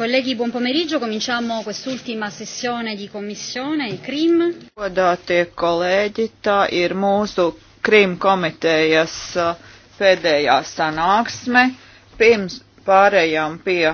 Kolēģi, buon pomeriggio. Cominciamo quest'ultima sessione di commissione, il CRIM. Godātie kolēģi, tā ir mūsu CRIM komitejas uh, pēdējā sanāksme. Pirms pārējām pie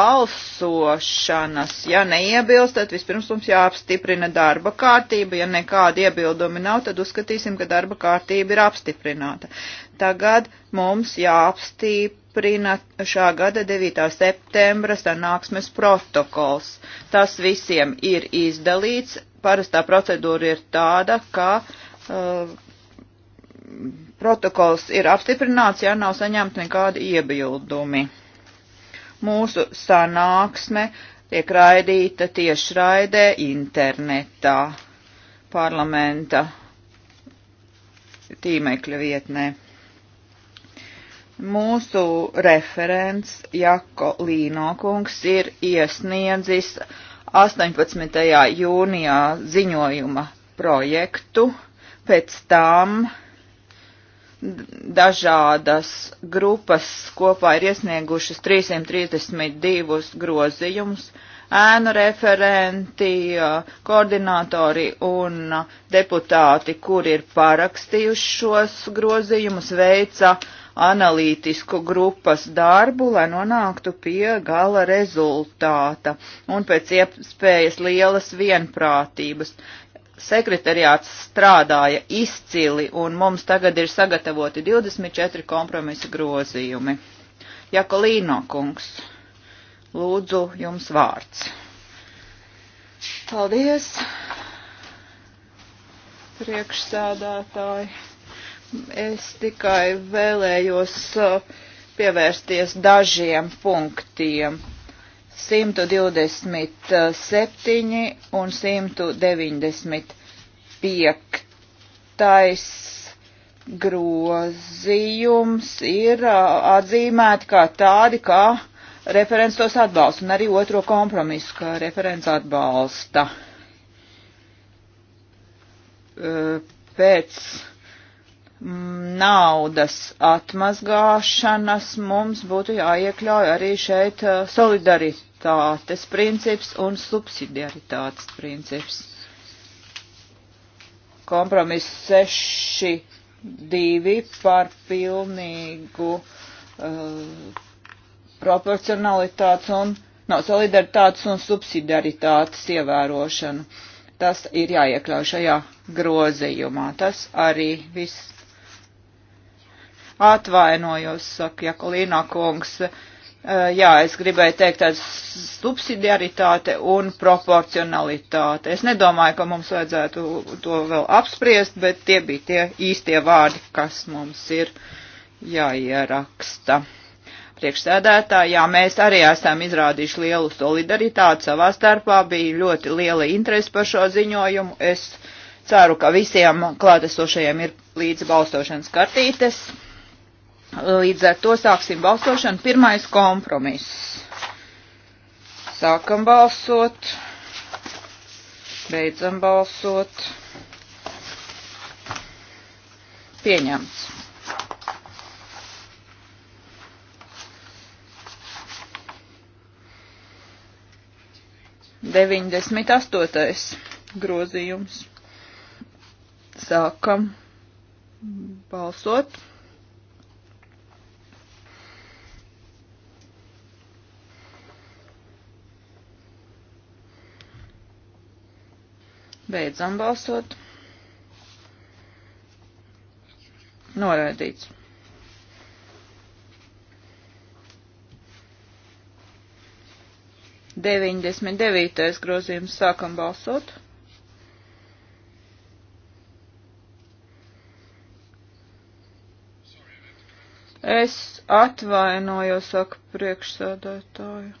balsošanas, ja neiebilst, tad vispirms mums jāapstiprina darba kārtība. Ja nekāda iebildumi nav, tad uzskatīsim, ka darba kārtība ir apstiprināta. Tagad mums jāapstiprina apstiprina šā gada 9. septembra sanāksmes protokols. Tas visiem ir izdalīts. Parastā procedūra ir tāda, ka uh, protokols ir apstiprināts, ja nav saņemti nekādi iebildumi. Mūsu sanāksme tiek raidīta tiešraidē internetā parlamenta tīmekļa vietnē. Mūsu referents Jako Līnokungs ir iesniedzis 18. jūnijā ziņojuma projektu, pēc tam dažādas grupas kopā ir iesniegušas 332 grozījumus, ēnu referenti, koordinatori un deputāti, kuri ir parakstījuši šos grozījumus, veica uh, analītisku grupas darbu, lai nonāktu pie gala rezultāta un pēc iespējas lielas vienprātības. Sekretariāts strādāja izcili un mums tagad ir sagatavoti 24 kompromisa grozījumi. Jakolīno kungs, lūdzu jums vārds. Paldies, priekšsēdētāji. Es tikai vēlējos uh, pievērsties dažiem punktiem. 127 un 195 grozījums ir uh, atzīmēti kā tādi, kā referents tos atbalsta, un arī otro kompromisu, kā referents atbalsta. Uh, pēc naudas atmazgāšanas mums būtu jāiekļauj arī šeit uh, solidaritātes princips un subsidiaritātes princips. Kompromiss 6, 2 par pilnīgu uh, proporcionalitātes un no, solidaritātes un subsidiaritātes ievērošanu. Tas ir jāiekļauj šajā grozījumā. Tas arī viss Atvainojos, saka Jakolīna kungs. Eh, jā, es gribēju teikt tādu subsidiaritāte un proporcionalitāte. Es nedomāju, ka mums vajadzētu to vēl apspriest, bet tie bija tie īstie vārdi, kas mums ir jāieraksta. Priekšsēdētāji, jā, mēs arī esam izrādījuši lielu solidaritāti savā starpā, bija ļoti liela interese par šo ziņojumu. Es ceru, ka visiem klātesošajiem ir līdz balstošanas kartītes. Līdz ar to sāksim balsošanu. Pirmais kompromiss. Sākam balsot. Beidzam balsot. Pieņemts. Deviņdesmit astotais grozījums. Sākam balsot. Beidzam balsot. Noraidīts. Deviņdesmit devītais grozījums sākam balsot. Es atvainojos, saka priekšsēdētāju.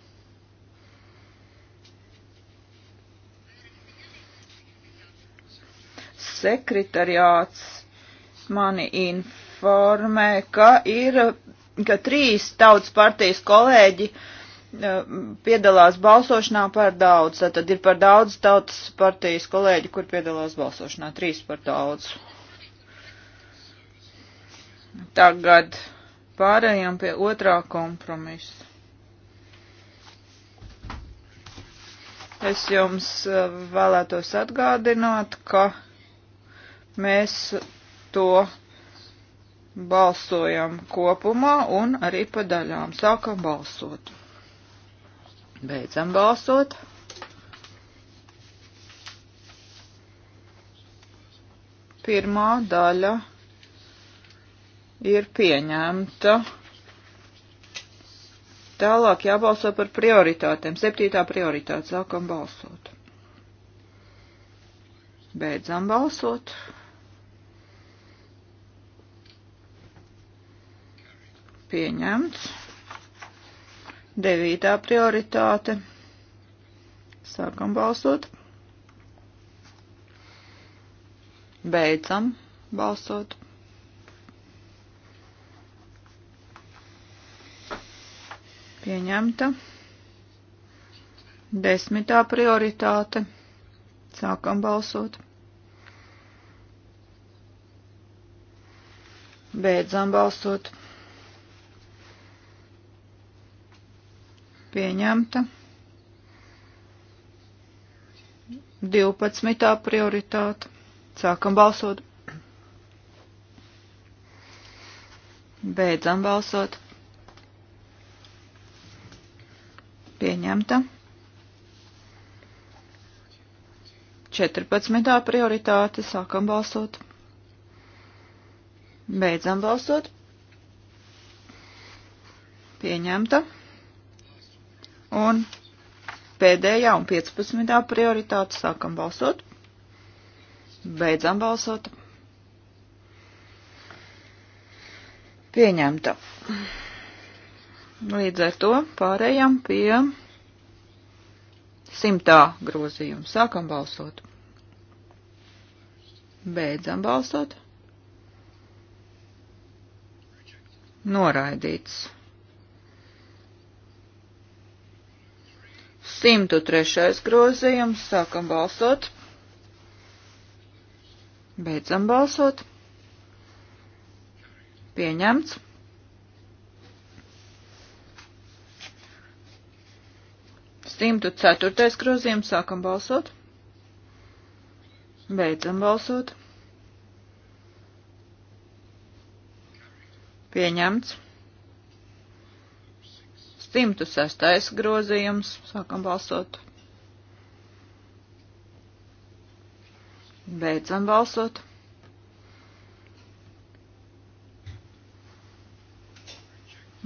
sekretariāts mani informē, ka ir, ka trīs tautas partijas kolēģi eh, piedalās balsošanā par daudz. Tad ir par daudz tautas partijas kolēģi, kur piedalās balsošanā. Trīs par daudz. Tagad pārējām pie otrā kompromisa. Es jums eh, vēlētos atgādināt, ka Mēs to balsojam kopumā un arī pa daļām. Sākam balsot. Beidzam balsot. Pirmā daļa ir pieņemta. Tālāk jābalso par prioritātēm. Septītā prioritāte. Sākam balsot. Beidzam balsot. pieņemts. Devītā prioritāte. Sākam balsot. Beidzam balsot. Pieņemta. Desmitā prioritāte. Sākam balsot. Beidzam balsot. pieņemta. 12. prioritāte. Sākam balsot. Beidzam balsot. Pieņemta. 14. prioritāte. Sākam balsot. Beidzam balsot. Pieņemta. Un pēdējā un 15. prioritāte sākam balsot. Beidzam balsot. Pieņemta. Līdz ar to pārējām pie simtā grozījuma. Sākam balsot. Beidzam balsot. Noraidīts. 103. grozījums. Sākam balsot. Beidzam balsot. Pieņemts. Simtu ceturtais grozījums sākam balsot. Beidzam balsot. Pieņemts. 106. grozījums. Sākam balsot. Beidzam balsot.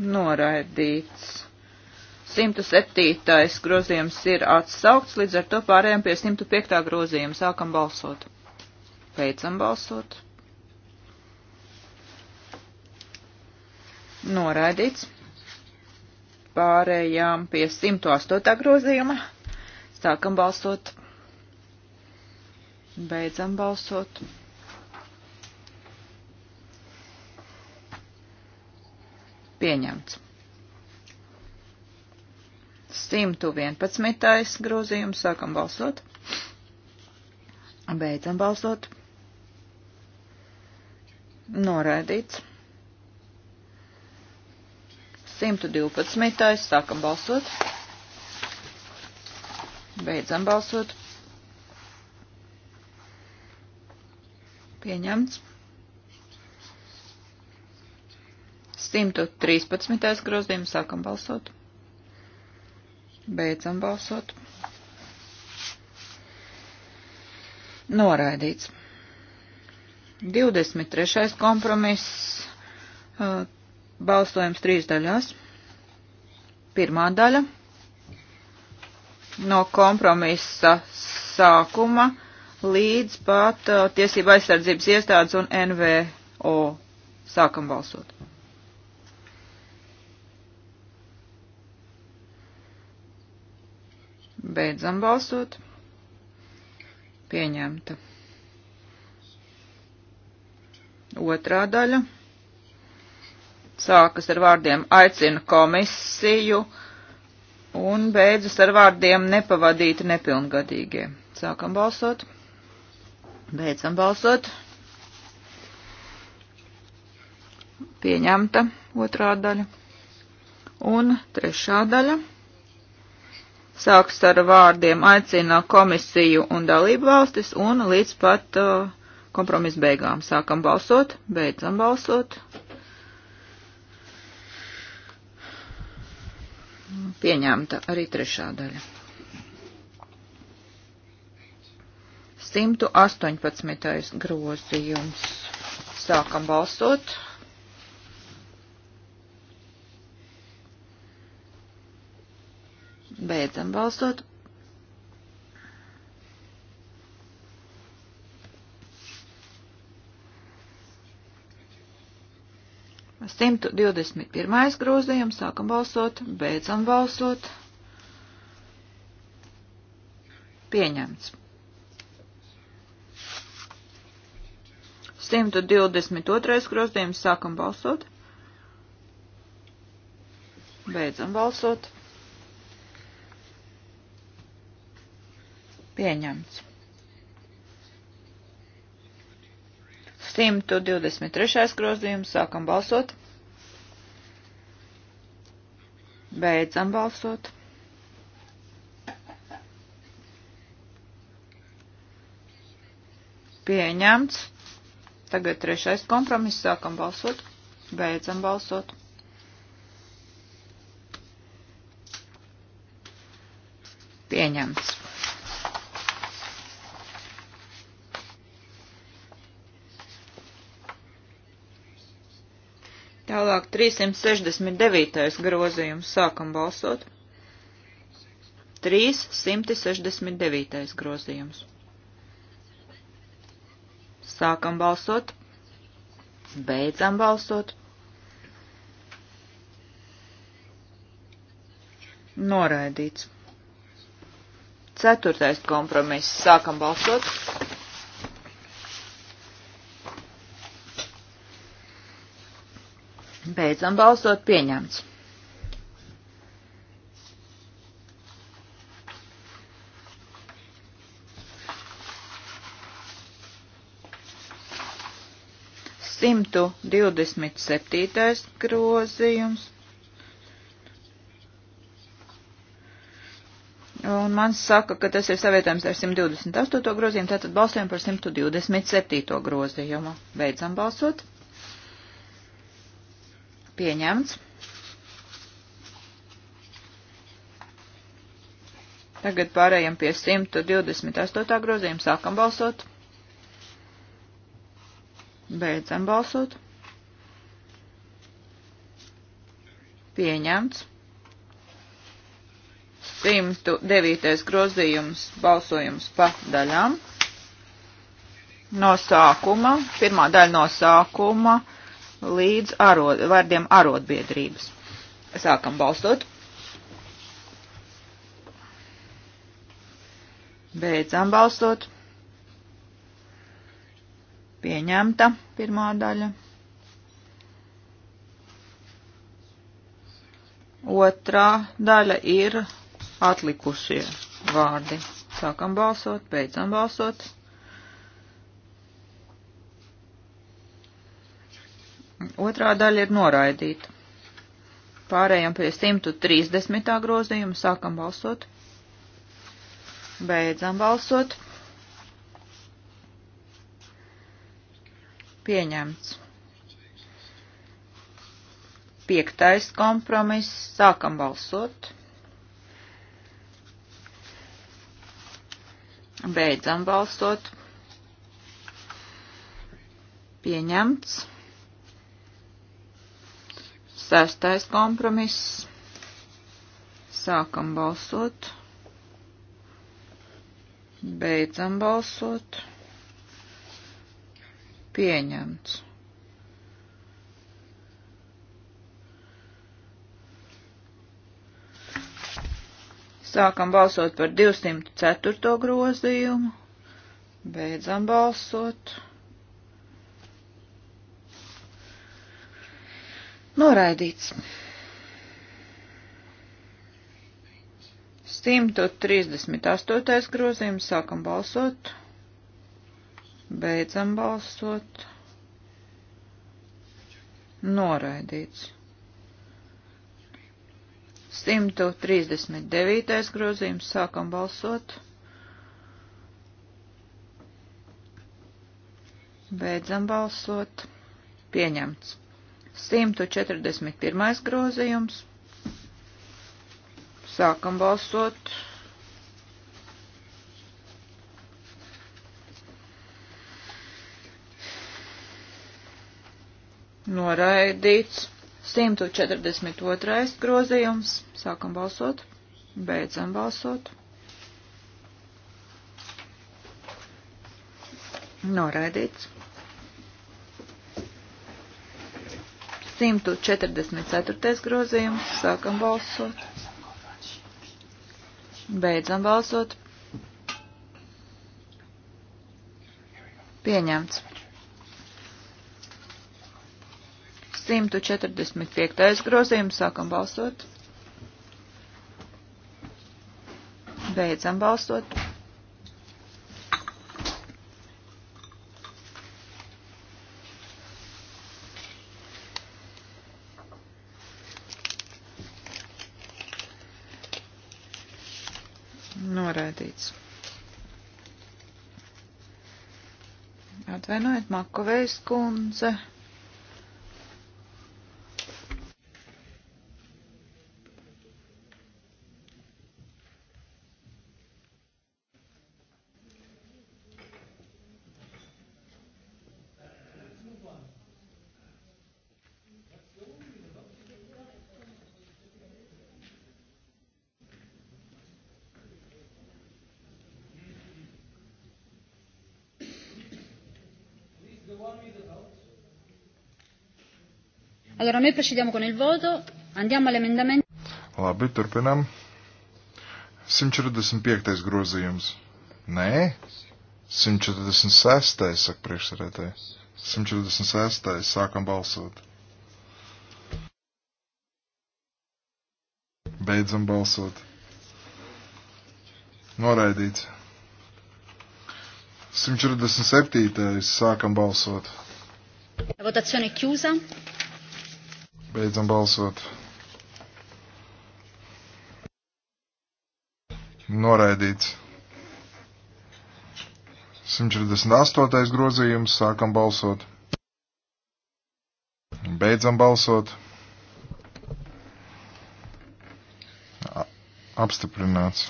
Noraidīts. 107. grozījums ir atsaukts, līdz ar to pārējām pie 105. grozījuma. Sākam balsot. Beidzam balsot. Noraidīts pārējām pie 108. grozījuma. Sākam balsot. Beidzam balsot. Pieņemts. 111. grozījums. Sākam balsot. Beidzam balsot. Noraidīts. 112. Sākam balsot. Beidzam balsot. Pieņemts. 113. grozījums. Sākam balsot. Beidzam balsot. Noraidīts. 23. kompromiss. Uh, Balsojums trīs daļās. Pirmā daļa no kompromisa sākuma līdz pat uh, tiesība aizsardzības iestādes un NVO. Sākam balsot. Beidzam balsot. Pieņemta. Otrā daļa sākas ar vārdiem aicina komisiju un beidzas ar vārdiem nepavadīti nepilngadīgie. Sākam balsot. Beidzam balsot. Pieņemta otrā daļa. Un trešā daļa. Sāks ar vārdiem aicina komisiju un dalību valstis un līdz pat uh, kompromisu beigām. Sākam balsot, beidzam balsot. Pieņemta arī trešā daļa. 118. grozījums. Sākam balsot. Beidzam balsot. 121. grozījums, sākam balsot, beidzam balsot. Pieņemts. 122. grozījums, sākam balsot. Beidzam balsot. Pieņemts. 123. grozījums. Sākam balsot. Beidzam balsot. Pieņemts. Tagad trešais kompromiss. Sākam balsot. Beidzam balsot. Pieņemts. Tālāk 369. grozījums. Sākam balsot. 369. grozījums. Sākam balsot. Beidzam balsot. Noraidīts. Ceturtais kompromiss. Sākam balsot. Beidzam balsot pieņemts. Simtu divdesmit septītais grozījums. Un man saka, ka tas ir savietojams ar 128. grozījumu, tātad balsojam par 127. grozījumu. Beidzam balsot. Pieņemts. Tagad pārējiem pie 128. grozījuma. Sākam balsot. Beidzam balsot. Pieņemts. 109. grozījums balsojums pa daļām. No sākuma, pirmā daļa no sākuma līdz arod, vārdiem arotbiedrības. Sākam balstot. Beidzam balstot. Pieņemta pirmā daļa. Otrā daļa ir atlikušie vārdi. Sākam balsot, beidzam balsot. Otrā daļa ir noraidīta. Pārējām pie 130. grozījuma, sākam balsot, beidzam balsot. Pieņemts. Piektais kompromiss, sākam balsot. Beidzam balsot. Pieņemts. Sestais kompromiss. Sākam balsot. Beidzam balsot. Pieņemts. Sākam balsot par 204. grozījumu. Beidzam balsot. Noraidīts. 138. grozījums sākam balsot, beidzam balsot, noraidīts. 139. grozījums sākam balsot, beidzam balsot, pieņemts. 141. grozījums. Sākam balsot. Noraidīts. 142. grozījums. Sākam balsot. Beidzam balsot. Noraidīts. 144. grozījums. Sākam balsot. Beidzam balsot. Pieņemts. 145. grozījums. Sākam balsot. Beidzam balsot. noraidīts. Atvainojiet, Makovejs kundze. Allora, noi procediamo con il voto, andiamo all'emendamento. Labi, turpinam. 145. grozījums. Nē, 146. saka priekšsarētāji. 146. sākam balsot. Beidzam balsot. Noraidīts. 147. sākam balsot. Votazione chiusa. Beidzam balsot. Noraidīts. 148. grozījums. Sākam balsot. Beidzam balsot. Apstiprināts.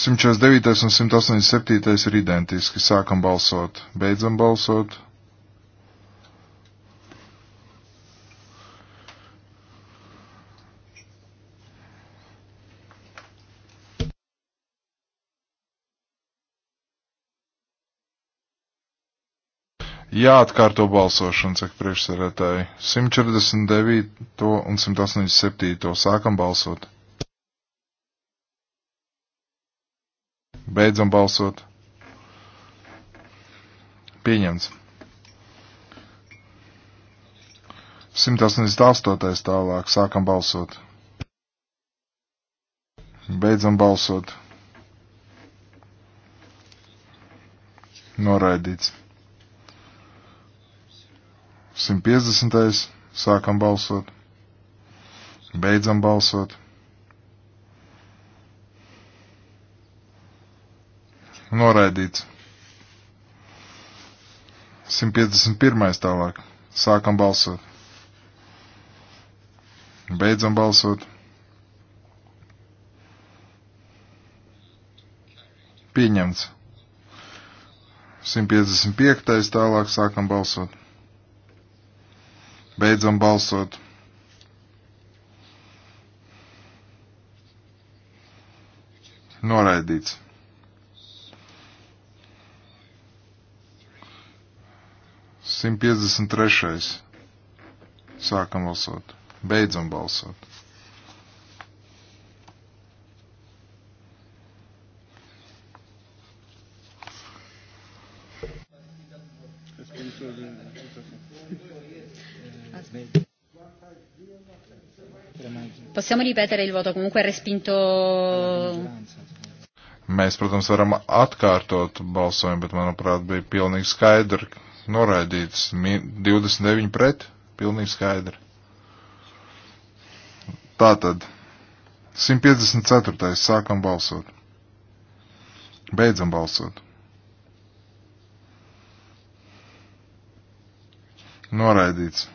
149 un 187 ir identiski. Sākam balsot, beidzam balsot. Jāatkārto balsošana, saka priekšsarētāji. 149 un 187. Sākam balsot. Beidzam balsot. Pieņemts. 188. tālāk. Sākam balsot. Beidzam balsot. Noraidīts. 150. Sākam balsot. Beidzam balsot. noraidīts. 151. tālāk. Sākam balsot. Beidzam balsot. Pieņemts. 155. tālāk sākam balsot. Beidzam balsot. Noraidīts. 153. Sākam balsot. Beidzam balsot. Possiamo ripetere il voto, comunque è respinto. Mēs, protams, varam atkārtot balsojumu, bet, manuprāt, bija pilnīgi skaidrs, noraidīts 29 pret, pilnīgi skaidri. Tātad 154. sākam balsot. Beidzam balsot. Noraidīts.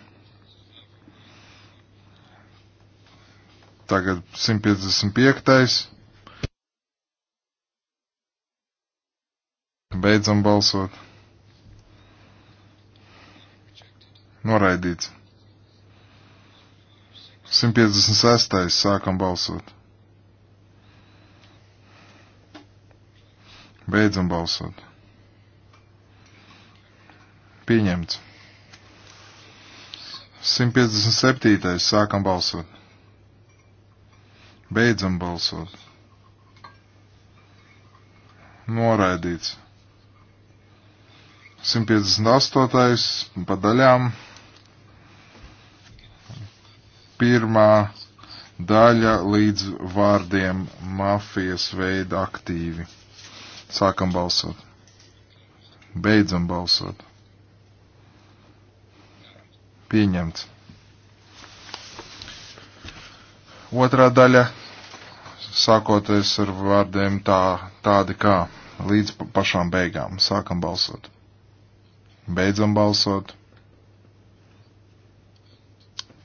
Tagad 155. Beidzam balsot. Noraidīts. 156. Sākam balsot. Beidzam balsot. Pieņemts. 157. Sākam balsot. Beidzam balsot. Noraidīts. 158. pa daļām pirmā daļa līdz vārdiem mafijas veida aktīvi. Sākam balsot. Beidzam balsot. Pieņemts. Otrā daļa, sākoties ar vārdiem tā, tādi kā, līdz pašām beigām. Sākam balsot. Beidzam balsot.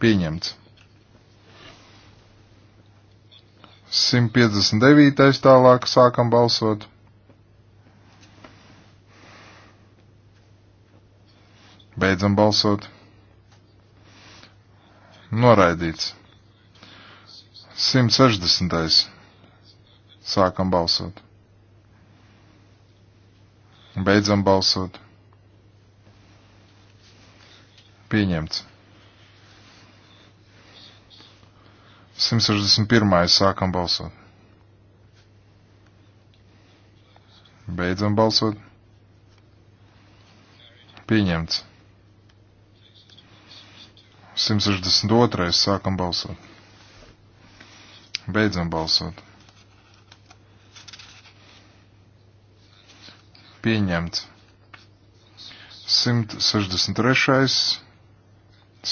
Pieņemts. 159. tālāk sākam balsot. Beidzam balsot. Noraidīts. 160. Sākam balsot. Beidzam balsot. Pieņemts. 161. sākam balsot. Beidzam balsot. Pieņemts. 162. sākam balsot. Beidzam balsot. Pieņemts. 163.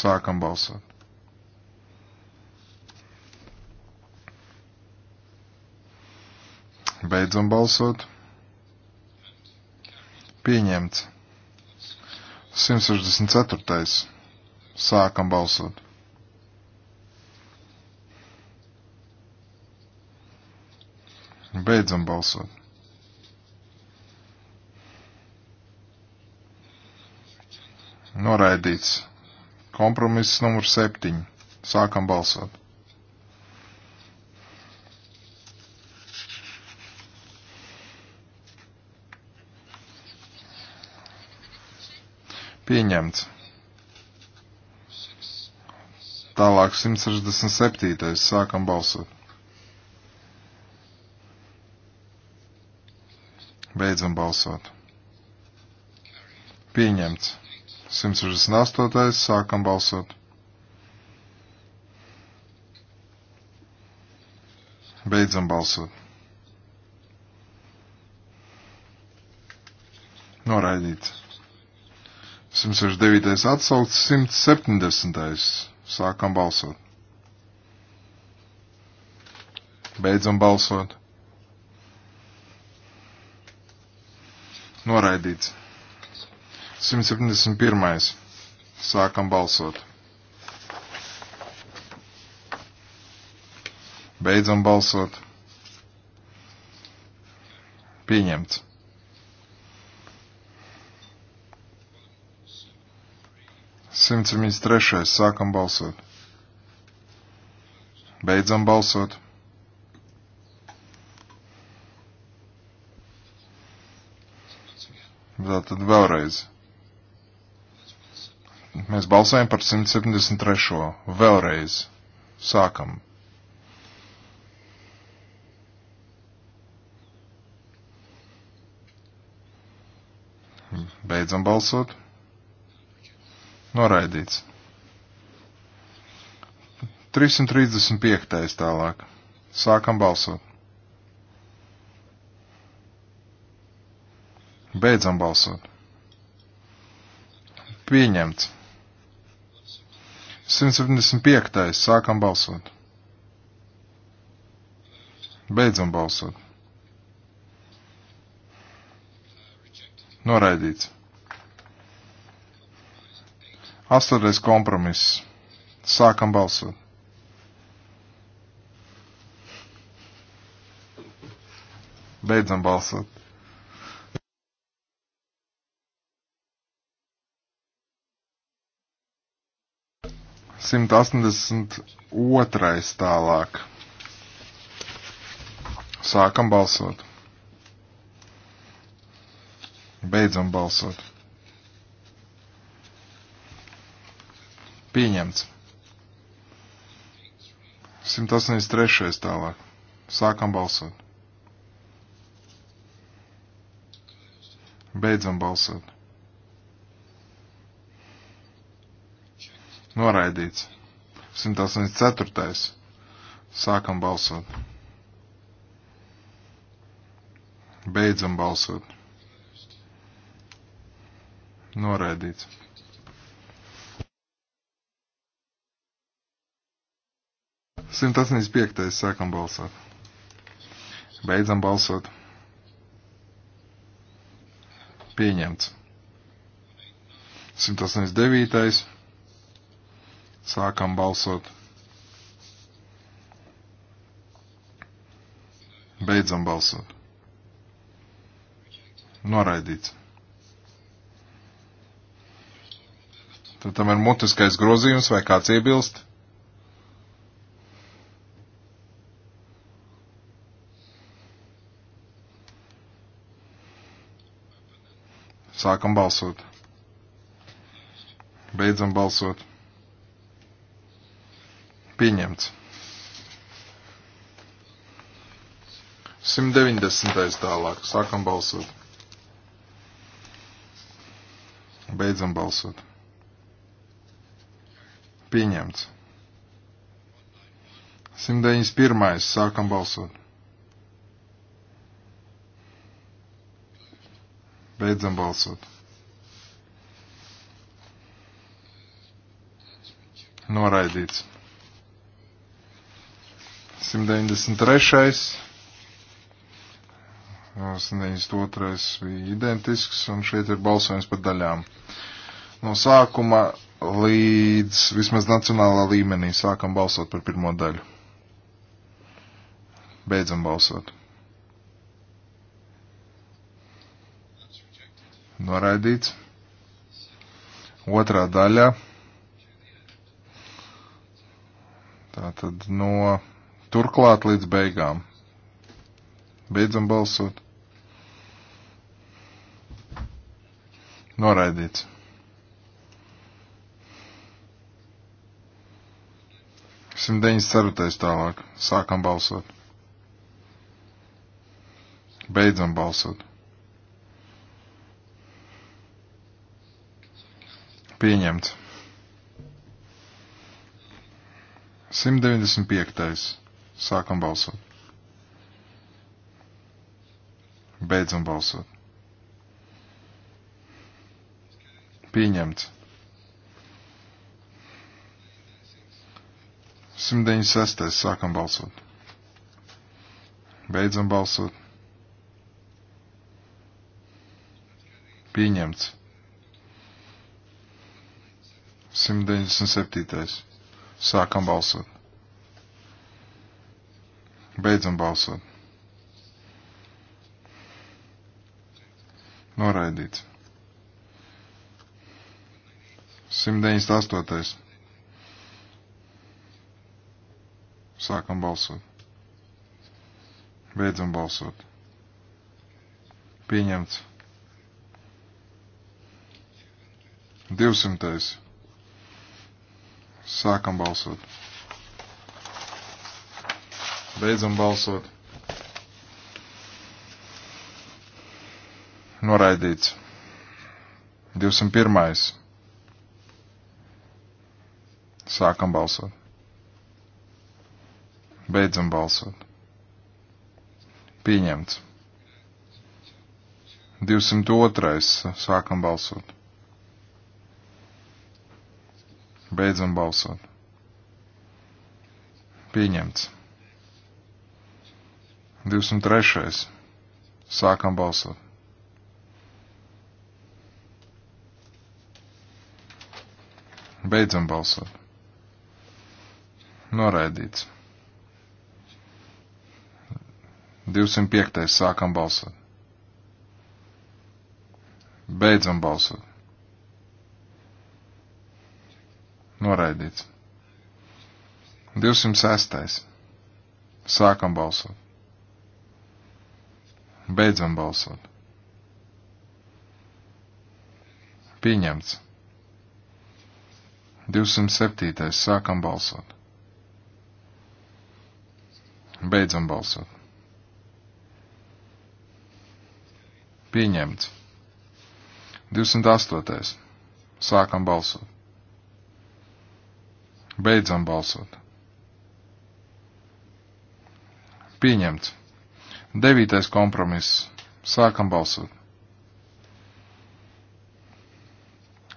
sākam balsot. Beidzam balsot. Pieņemts. 164. Sākam balsot. Beidzam balsot. Noraidīts. Kompromiss numur 7. Sākam balsot. Pieņemts. Tālāk 167. Sākam balsot. Beidzam balsot. Pieņemts. 168. Sākam balsot. Beidzam balsot. Noraidīts. 169. atsaukts, 170. Sākam balsot. Beidzam balsot. Noraidīts. 171. Sākam balsot. Beidzam balsot. Pieņemts. 173. Sākam balsot. Beidzam balsot. Tātad vēlreiz. Mēs balsējam par 173. Vēlreiz. Sākam. Beidzam balsot. Noraidīts. 335. tālāk. Sākam balsot. Beidzam balsot. Pieņemts. 175. Sākam balsot. Beidzam balsot. Noraidīts. Astotais kompromiss. Sākam balsot. Beidzam balsot. Simt astoņdesmit otrais tālāk. Sākam balsot. Beidzam balsot. Pieņemts. 183. tālāk. Sākam balsot. Beidzam balsot. Noraidīts. 184. Sākam balsot. Beidzam balsot. Noraidīts. 185. sākam balsot. Beidzam balsot. Pieņemts. 189. Sākam balsot. Beidzam balsot. Noraidīts. Tad tam ir mutiskais grozījums vai kāds iebilst? Sākam balsot. Beidzam balsot. Pieņemts. 190. tālāk. Sākam balsot. Beidzam balsot. Pieņemts. 191. Sākam balsot. Beidzam balsot. Noraidīts. 193. 192. bija identisks, un šeit ir balsojums par daļām. No sākuma līdz vismaz nacionālā līmenī sākam balsot par pirmo daļu. Beidzam balsot. noraidīts. Otrā daļa. Tātad no turklāt līdz beigām. Beidzam balsot. Noraidīts. Simt deviņas ceturtais tālāk. Sākam balsot. Beidzam balsot. Pieņemts. 195. Sākam balsot. Beidzam balsot. Pieņemts. 196. Sākam balsot. Beidzam balsot. Pieņemts. 197. Sākam balsot. Beidzam balsot. Noraidīts. 198. Sākam balsot. Beidzam balsot. Pieņemts. 200. Sākam balsot. Beidzam balsot. Noraidīts. 201. Sākam balsot. Beidzam balsot. Pieņemts. 202. Sākam balsot. Beidzam balsot. Pieņemts. 203. Sākam balsot. Beidzam balsot. Noraidīts. 205. Sākam balsot. Beidzam balsot. Noraidīts. 206. Sākam balsot. Beidzam balsot. Pieņemts. 207. Sākam balsot. Beidzam balsot. Pieņemts. 208. Sākam balsot. Beidzam balsot. Pieņemts. Devītais kompromiss. Sākam balsot.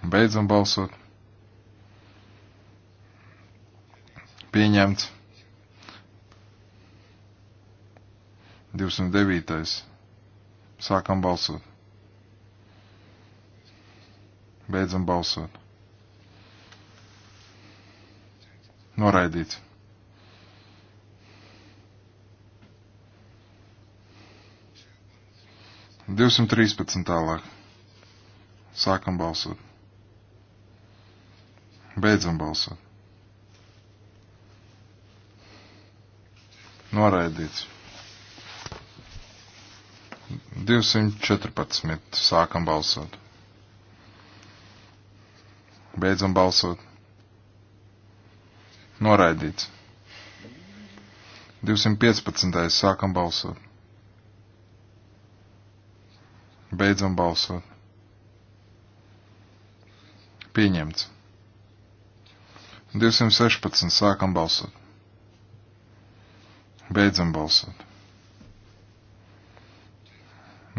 Beidzam balsot. Pieņemts. 209. Sākam balsot. Beidzam balsot. Noraidīts. Divsimt trīspadsmit tālāk. Sākam balsot. Beidzam balsot. Noraidīts. 214. Sākam balsot. Beidzam balsot. Noraidīts. 215. sākam balsot. Beidzam balsot. Pieņemts. 216. sākam balsot. Beidzam balsot.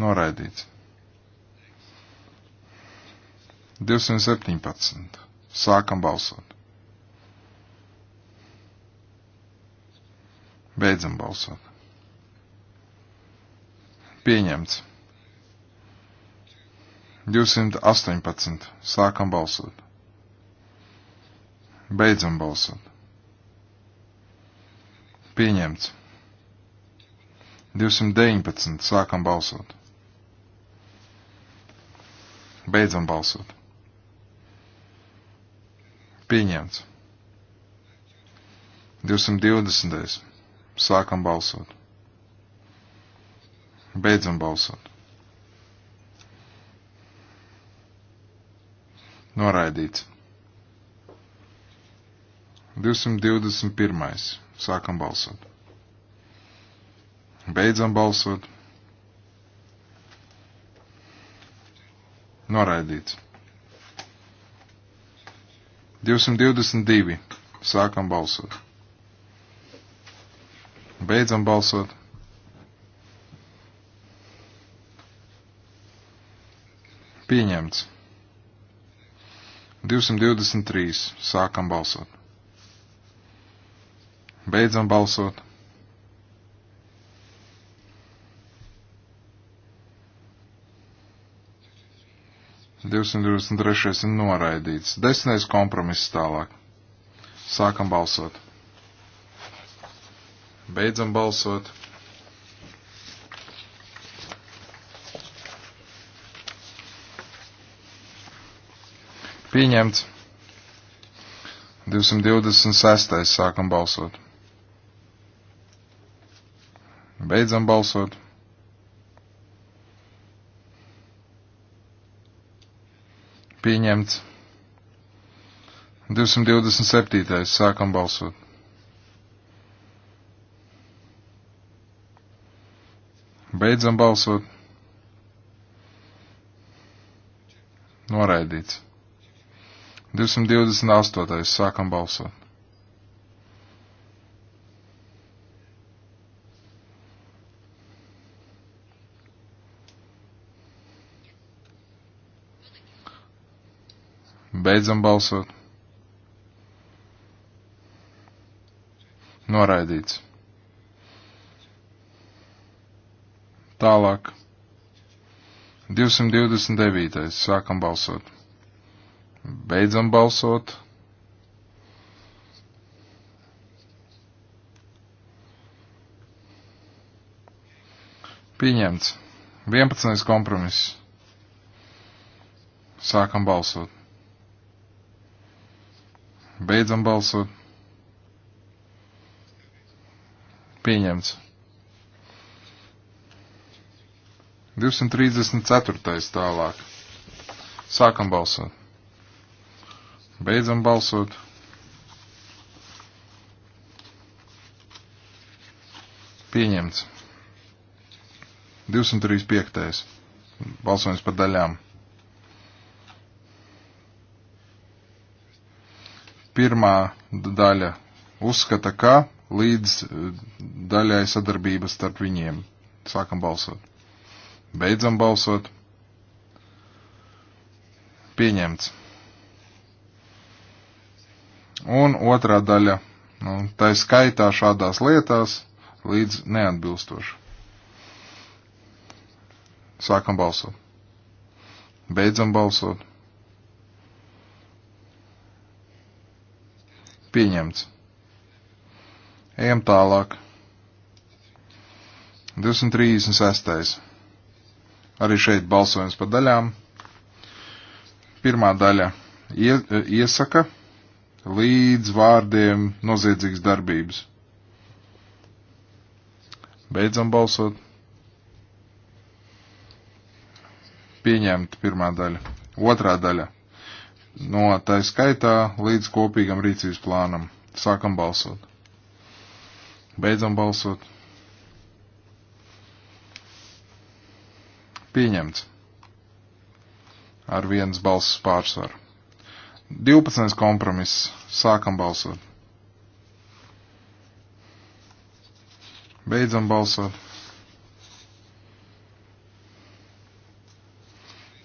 Noraidīts. 217. Sākam balsot. Beidzam balsot. Pieņemts. 218. Sākam balsot. Beidzam balsot. Pieņemts. 219. Sākam balsot. Beidzam balsot. Pieņemts. 220. Sākam balsot. Beidzam balsot. Noraidīts. 221. Sākam balsot. Beidzam balsot. Noraidīts. 222. Sākam balsot. Beidzam balsot. Pieņemts. 223. Sākam balsot. Beidzam balsot. Divsimt divdesmit trešais ir noraidīts. Desmitais kompromiss tālāk. Sākam balsot. Beidzam balsot. Pieņemts. 226. sākam balsot. Beidzam balsot. Pieņemts. 227. sākam balsot. Beidzam balsot. Noraidīts. 228. Sākam balsot. Beidzam balsot. Noraidīts. Tālāk. 229. Sākam balsot. Beidzam balsot. Pieņemts. 11. kompromiss. Sākam balsot. Beidzam balsot. Pieņemts. 234. tālāk. Sākam balsot. Beidzam balsot. Pieņemts. 235. Balsojums par daļām. Pirmā daļa uzskata, ka līdz eh, daļai sadarbības starp viņiem. Sākam balsot. Beidzam balsot. Pieņemts. Un otrā daļa. Nu, tā skaitā šādās lietās līdz neatbilstoši. Sākam balsot. Beidzam balsot. Pieņemts. Ejam tālāk. 236. Arī šeit balsojums pa daļām. Pirmā daļa e, iesaka līdz vārdiem noziedzīgas darbības. Beidzam balsot. Pieņemta pirmā daļa. Otrā daļa. No tā skaitā līdz kopīgam rīcības plānam. Sākam balsot. Beidzam balsot. Pieņemts. Ar vienas balss pārsvaru. 12. kompromiss. Sākam balsot. Beidzam balsot.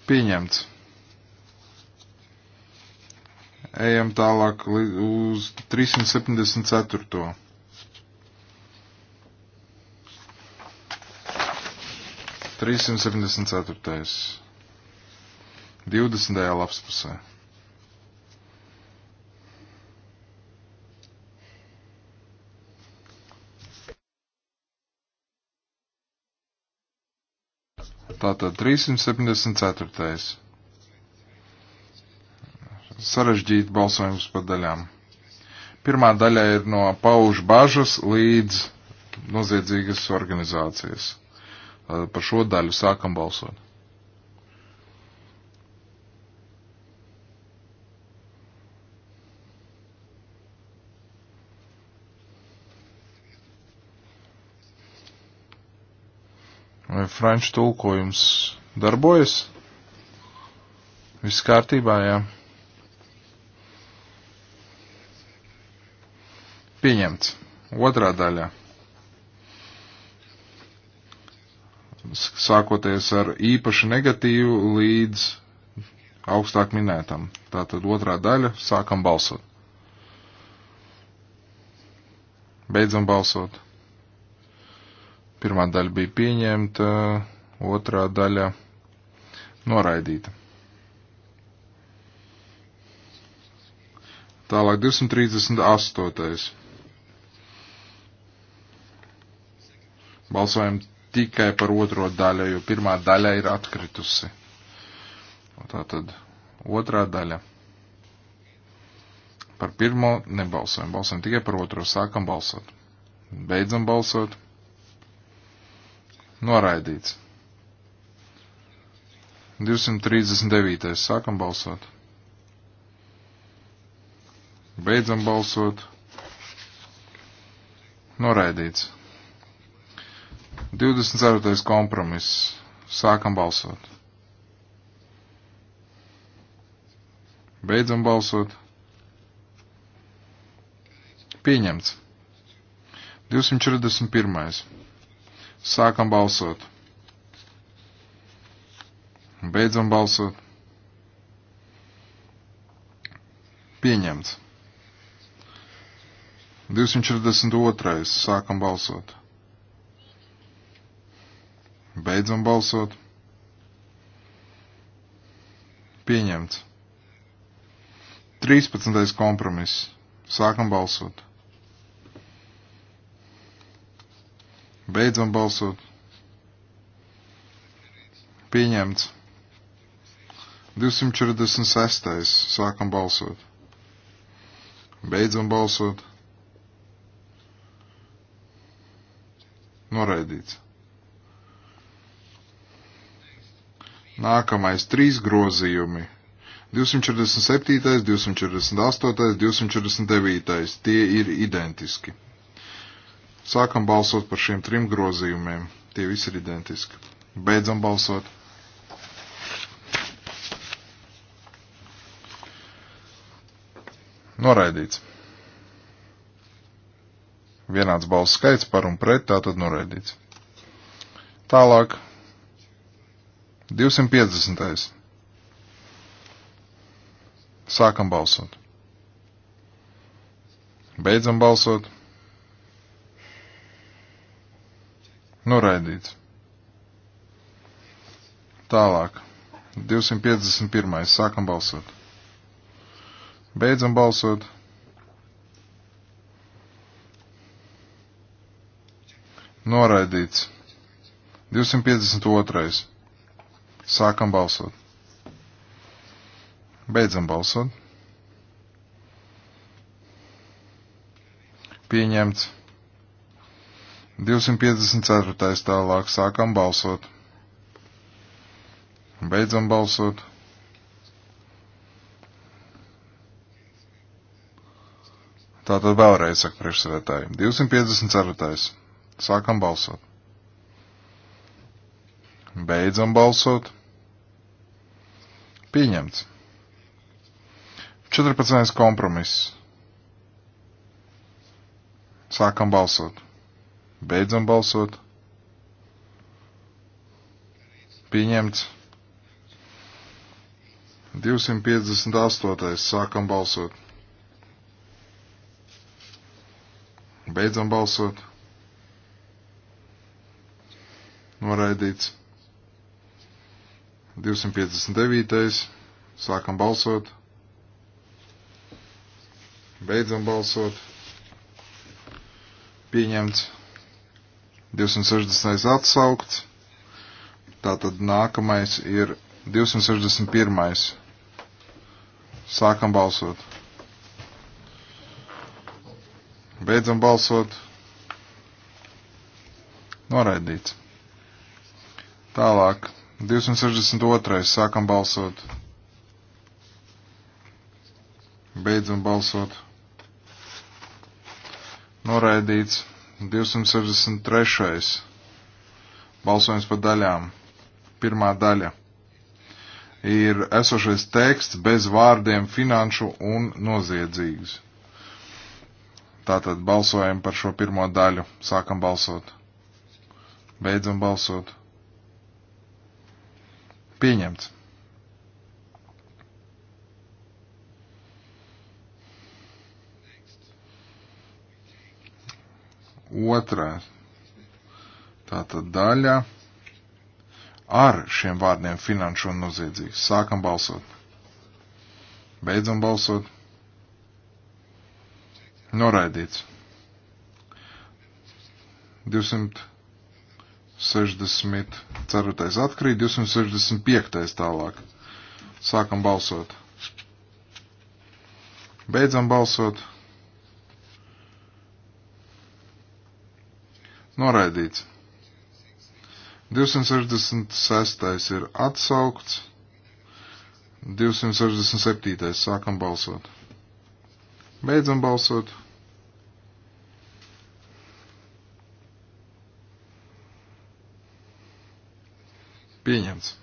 Pieņemts. Ejam tālāk uz 374. 374. 20. lapspusē. Tātad 374. Sarežģīti balsojums pa daļām. Pirmā daļa ir no paužu bažas līdz noziedzīgas organizācijas. Eh, par šo daļu sākam balsot. Vai franču tulkojums darbojas? Viss kārtībā, jā. Pieņemts. Otrā daļā. sākoties ar īpaši negatīvu līdz augstāk minētam. Tātad otrā daļa - sākam balsot. Beidzam balsot. Pirmā daļa bija pieņemta, otrā daļa noraidīta. Tālāk 238. Balsojam tikai par otro daļu, jo pirmā daļa ir atkritusi. Tā tad otrā daļa. Par pirmo nebalsojam, balsojam tikai par otro, sākam balsot. Beidzam balsot. Noraidīts. 239. Sākam balsot. Beidzam balsot. Noraidīts. 24. kompromiss. Sākam balsot. Beidzam balsot. Pieņemts. 241. Sākam balsot. Beidzam balsot. Pieņemts. 242. Sākam balsot. Beidzam balsot. Pieņemts. 13. kompromiss. Sākam balsot. Beidzam balsot. Pieņemts. 246. Sākam balsot. Beidzam balsot. Noraidīts. Nākamais trīs grozījumi. 247, 248, 249. Tie ir identiski. Sākam balsot par šiem trim grozījumiem. Tie visi ir identiski. Beidzam balsot. Noraidīts. Vienāds balss skaits par un pret, tā tad noraidīts. Tālāk 250. Sākam balsot. Beidzam balsot. Noraidīts. Tālāk. 251. Sākam balsot. Beidzam balsot. Noraidīts. 252. Sākam balsot. Beidzam balsot. Pieņemts. 254. tālāk sākam balsot. Beidzam balsot. Tātad vēlreiz saka priekšsēdētāji. 254. Sākam balsot. Beidzam balsot. Pieņemts. 14. kompromiss. Sākam balsot. Beidzam balsot. Pieņemts. 258. Sākam balsot. Beidzam balsot. Noraidīts. 259. Sākam balsot. Beidzam balsot. Pieņemts. 260. atsaukts. Tātad nākamais ir 261. Sākam balsot. Beidzam balsot. Noraidīts. Tālāk. 262. Sākam balsot. Beidzam balsot. Noraidīts 263. Balsojums pa daļām. Pirmā daļa ir esošais teksts bez vārdiem finanšu un noziedzīgs. Tātad balsojam par šo pirmo daļu. Sākam balsot. Beidzam balsot. Pieņemts. Otrā tātad daļa ar šiem vārdiem finanšu un noziedzību. Sākam balsot. Beidzam balsot. Noraidīts. 200. 64. atkrīt, 265. tālāk. Sākam balsot. Beidzam balsot. Noraidīts. 266. ir atsaukts. 267. sākam balsot. Beidzam balsot. Pieņemts.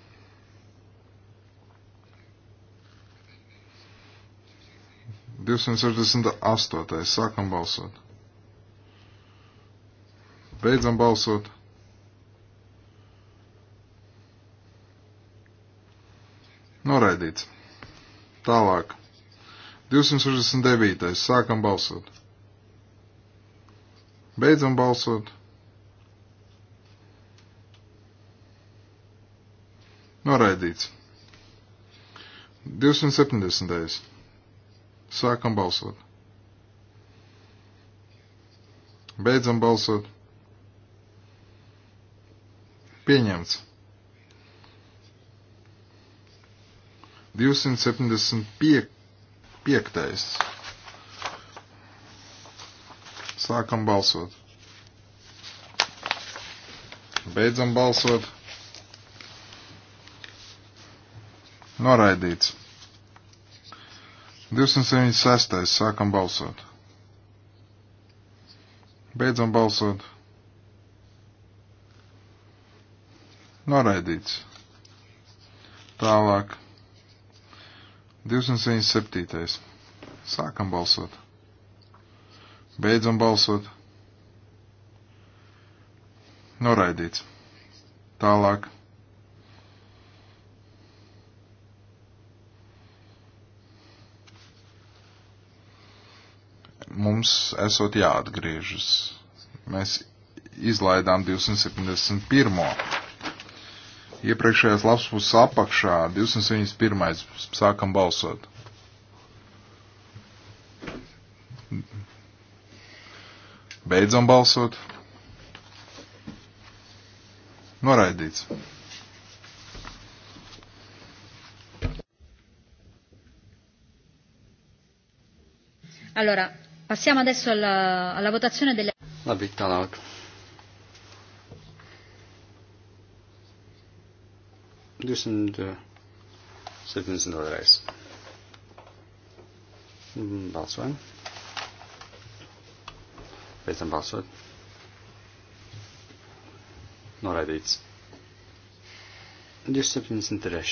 Divsimt sešdesmit astotais. Sākam balsot. Beidzam balsot. Noraidīts. Tālāk. 269. Sākam balsot. Beidzam balsot. Noraidīts. 270. Sākam balsot. Beidzam balsot. Pieņemts. 275. Sākam balsot. Beidzam balsot. Noraidīts. 276. Sākam balsot. Beidzam balsot. Noraidīts. Tālāk. 277. Sākam balsot. Beidzam balsot. Noraidīts. Tālāk. mums esot jāatgriežas. Mēs izlaidām 271. Iepriekšējās lapspuses apakšā 271. sākam balsot. Beidzam balsot. Noraidīts. Allora, Passiamo adesso alla, alla votazione delle... Labi, tālāk. Divsimt septiņdesmit vēlreiz. Balsojam. Beidzam balsot. Noraidīts. 273.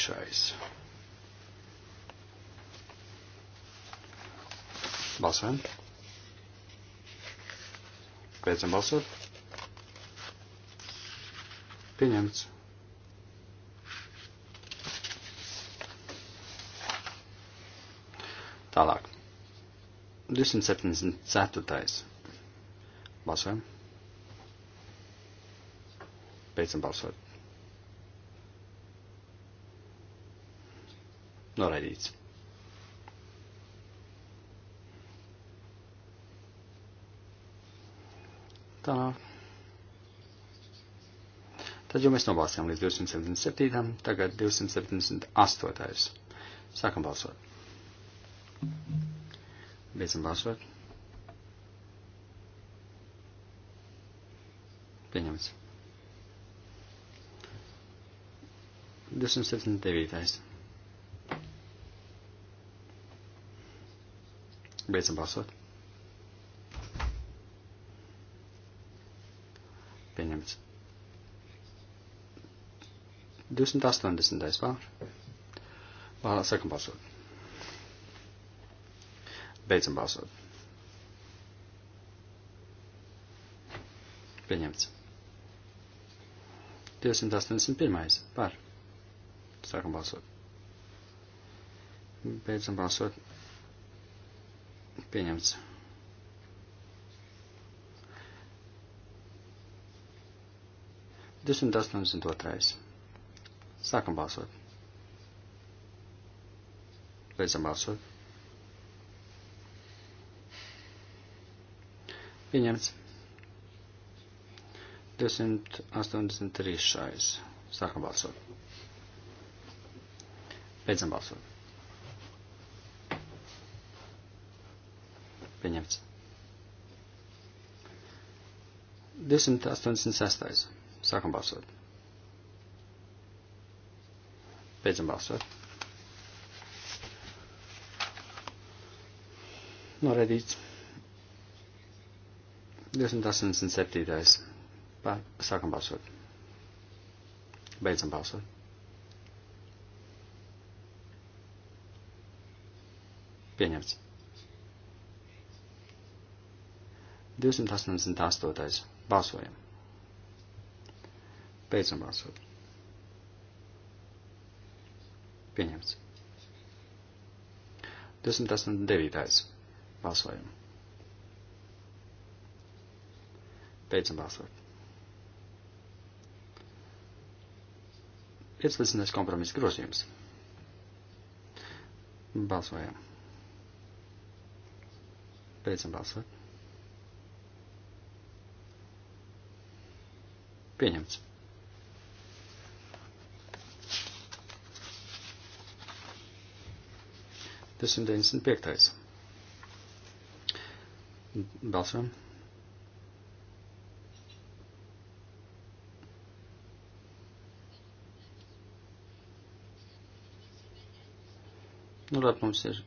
Balsojam. Beidzam balsot. Pieņemts. Tālāk. 274. Balsojam. Beidzam balsot. Noraidīts. tā. Tad jau mēs nobalsojam līdz 277, tagad 278. Sākam balsot. Beidzam balsot. Pieņemts. 279. Beidzam balsot. 280. pār. Vēlāk sākam balsot. Beidzam balsot. Pieņemts. 281. par. Sākam balsot. Beidzam balsot. Pieņemts. Desmit astoņdesmit otrais. Sākam balsot. Beidzam balsot. Pieņemts. 283 šais. Sākam balsot. Beidzam balsot. Pieņemts. 286. Sākam balsot. Beidzam balsot. Noredīts. 287. Pār. Sākam balsot. Beidzam balsot. Pieņemts. 288. Balsojam. Beidzam balsot. Pieņemts. 29. Balsojam. Beidzam balsot. 15. kompromiss grozījums. Balsojam. Beidzam balsot. Pieņemts. 295. Balsojam. Nu, tad mums ir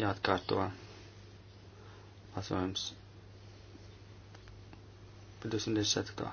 jāatkārto pasojums par 294.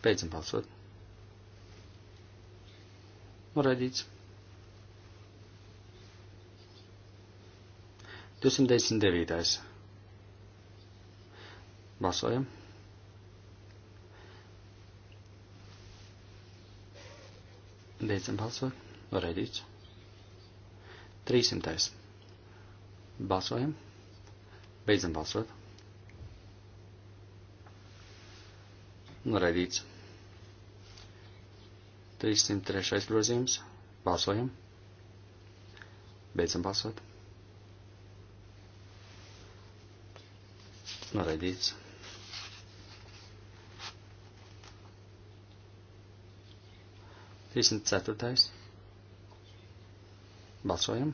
Beidzam balsot. Noraidīts. 299. Balsojam. Beidzam balsot. Noraidīts. 300. Balsojam. Beidzam balsot. Noraidīts. 303. grozījums. Balsojam. Beidzam balsot. Noraidīts. Trīsdesmit ceturtais. Balsojam.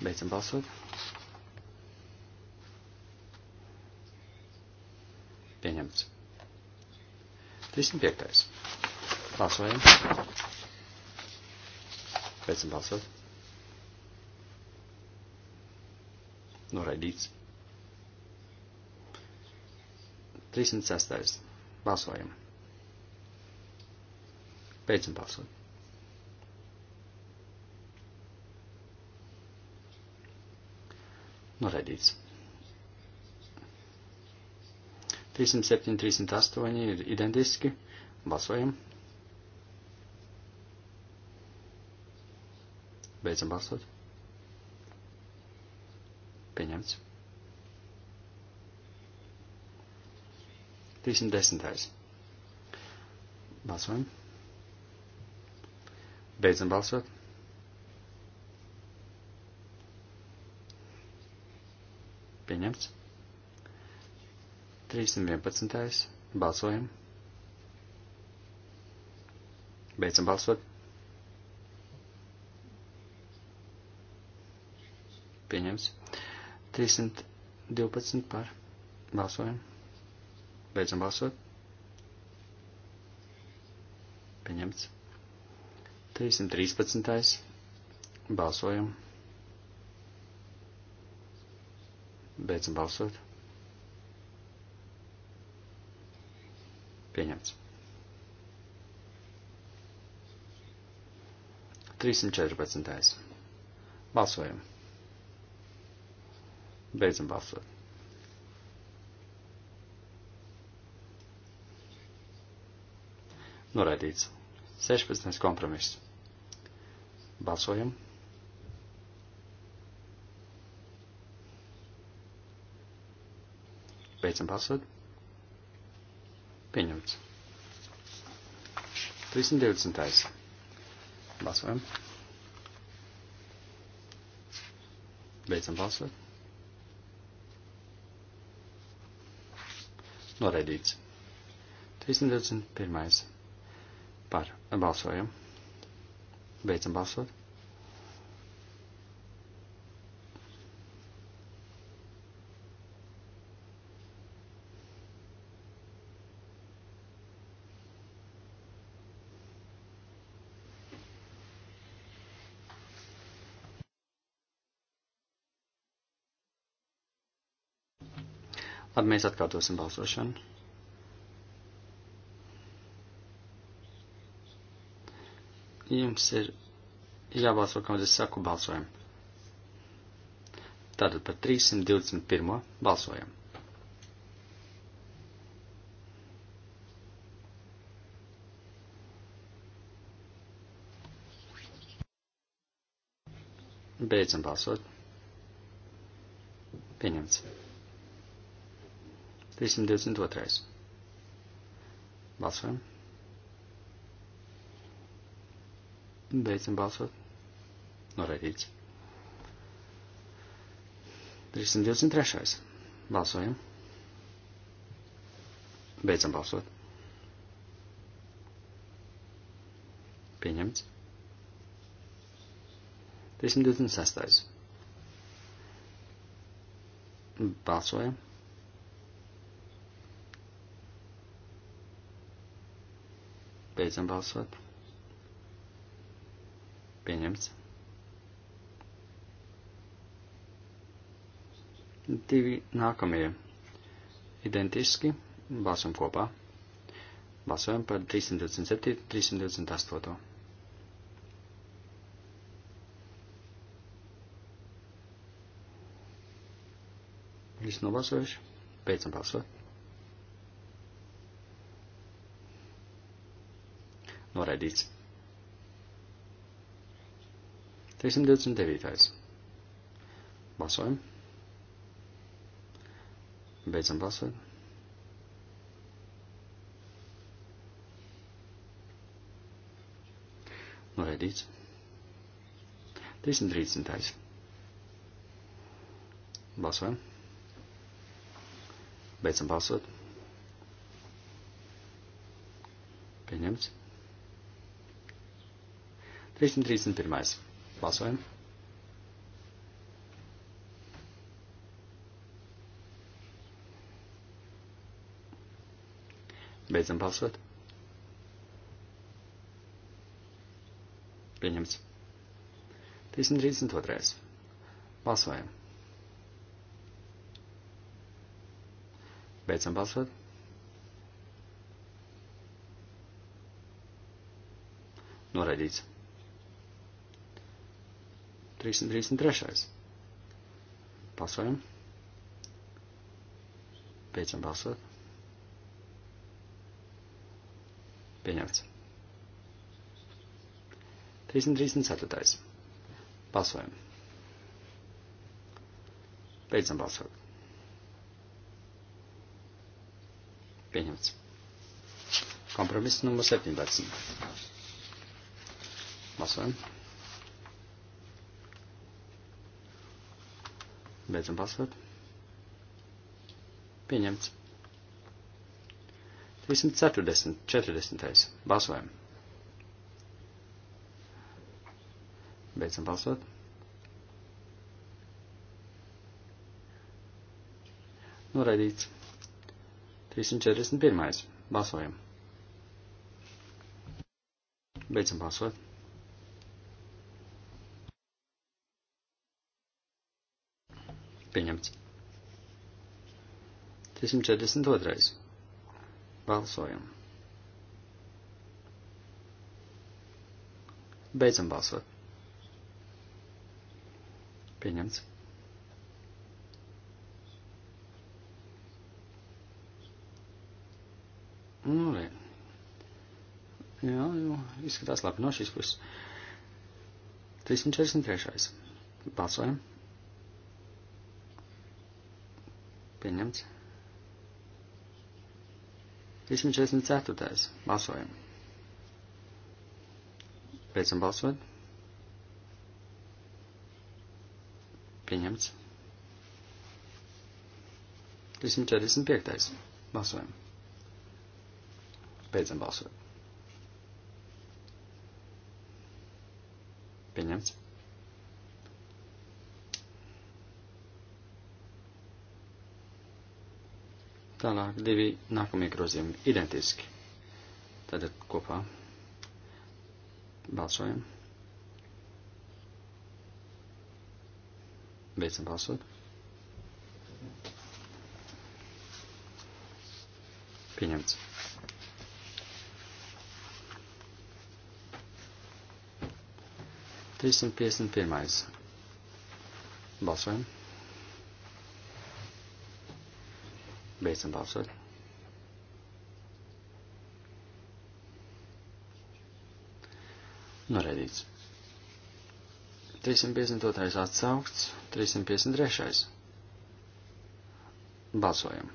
Beidzam balsot. Pieņemts. 35. Balsojam. Beidzam balsot. Noraidīts. 306. Balsojam. Beidzam balsot. Noraidīts. 307, 308 ir identiski. Balsojam. Beidzam balsot. Pieņemts. 310. Balsojam. Beidzam balsot. Pieņemts. 311. Balsojam. Beidzam balsot. Pieņems. 312 par. Balsojam. Beidzam balsot. Pieņemts. 313. Balsojam. Beidzam balsot. Pieņemts. 314. Balsojam. Beidzam balsot. Noraidīts. 16. kompromiss. Balsojam. Beidzam balsot. Pieņemts. 320. Balsojam. Beidzam balsot. Noraidīts. 321. Par. Balsojam. Beidzam balsot. Tad mēs atkārtosim balsošanu. Jums ir jābalso, kā es saku, balsojam. Tātad par 321. balsojam. Beidzam balsot. Pieņemts. 322. Balsojam. Beidzam balsot. Noraidīts. 323. Balsojam. Beidzam balsot. Pieņemts. 326. Balsojam. Beidzam balsot. Pieņemts. 2 nākamie identiski. Balsam kopā. Balsojam par 327, 328. Viss nobalsojuši. Beidzam balsot. Noraidīts. 329. Balsojam. Beidzam balsot. Noraidīts. 330. Balsojam. Beidzam balsot. Pieņemts. 331. Balsojam. Beidzam balsot. Pieņemts. 332. Balsojam. Beidzam balsot. Noraidīts. 333. Balsojam. Beidzam balsot. Pieņemts. 334. Balsojam. Beidzam balsot. Pieņemts. Kompromiss numur 17. Balsojam. Beidzam balsot. Pieņemts. 340. 40. Balsojam. Beidzam balsot. Noraidīts. 341. Balsojam. Beidzam balsot. Pieņemts. 342. Balsojam. Beidzam balsot. Pieņemts. Nu, re. Nu, jā, jā, izskatās labi no šīs puses. 343. Balsojam. Pieņemts. 244. Balsojam. Beidzam balsot. Pieņemts. 245. Balsojam. Beidzam balsot. Pieņemts. Tālāk divi nākamie grozījumi identiski. Tātad kopā balsojam. Beidzam balsot. Pieņemts. Trīsim piecdesmit pirmais. Balsojam. Beidzam balsot. Noraidīts. 352. atsaukts, 353. Balsojam.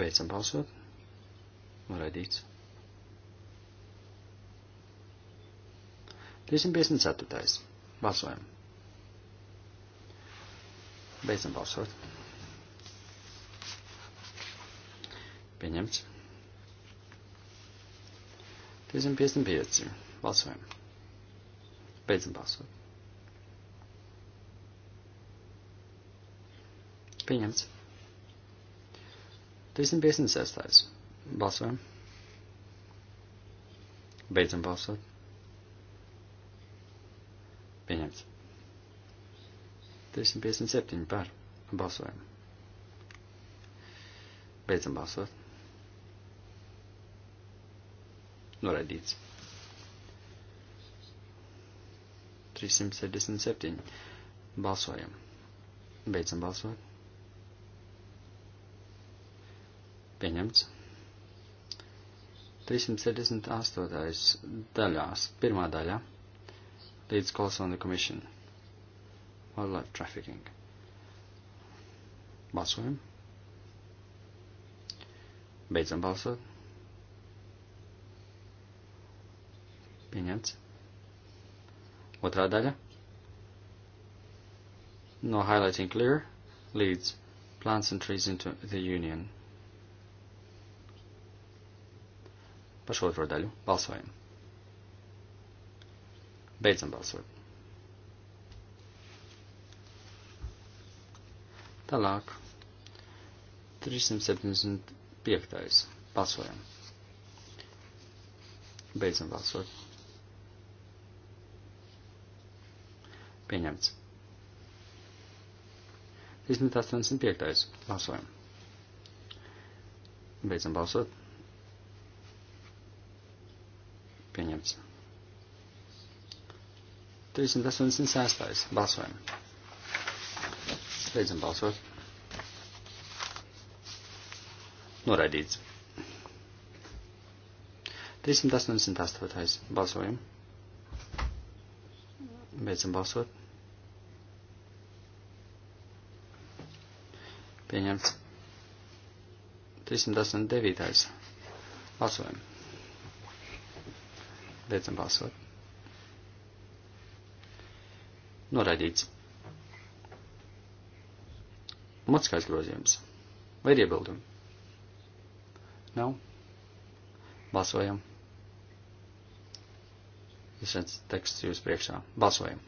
Beidzam balsot. Noraidīts. 354. Balsojam. Beidzam balsot. Pieņemts. 255. Balsojam. Beidzam balsot. Pieņemts. 356. Balsojam. Beidzam balsot. Pieņemts. 357 par. Balsojam. Beidzam balsot. Noraidīts. 377. Balsojam. Beidzam balsot. Pieņemts. 378. daļās. Pirmā daļā. States calls on the Commission. Wildlife trafficking. Balsojam. Beidzam balsot. Pieņemts. Otrā daļa. No highlighting clear leads plants and trees into the union. Par šo otro daļu balsojam. Beidzam balsot. Tālāk. 375. Balsojam. Beidzam balsot. Pieņemts. 385. Balsojam. Beidzam balsot. Pieņemts. 386. Balsojam. Beidzam balsot. Noraidīts. 388. Balsojam. Beidzam balsot. Pieņemts. 389. Balsojam. Beidzam balsot. Noraidīts. Mutiskais grozījums. Vai ir iebildumi? Nav. Balsojam. Visāds teksts jūs priekšā. Balsojam.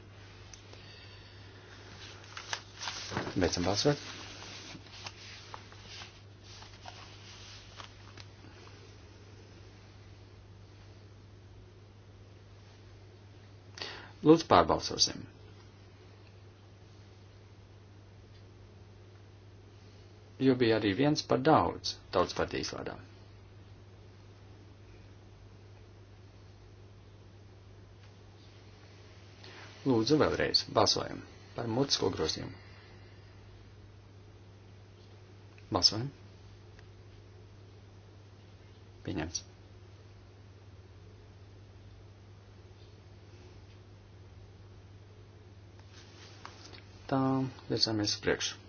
Beidzam balsot. Lūdzu, pārbalsosim. jo bija arī viens par daudz tautas partijas vārdā. Lūdzu, vēlreiz balsojam par mutisko grozījumu. Balsojam. Pieņemts. Tā virzāmies priekšu.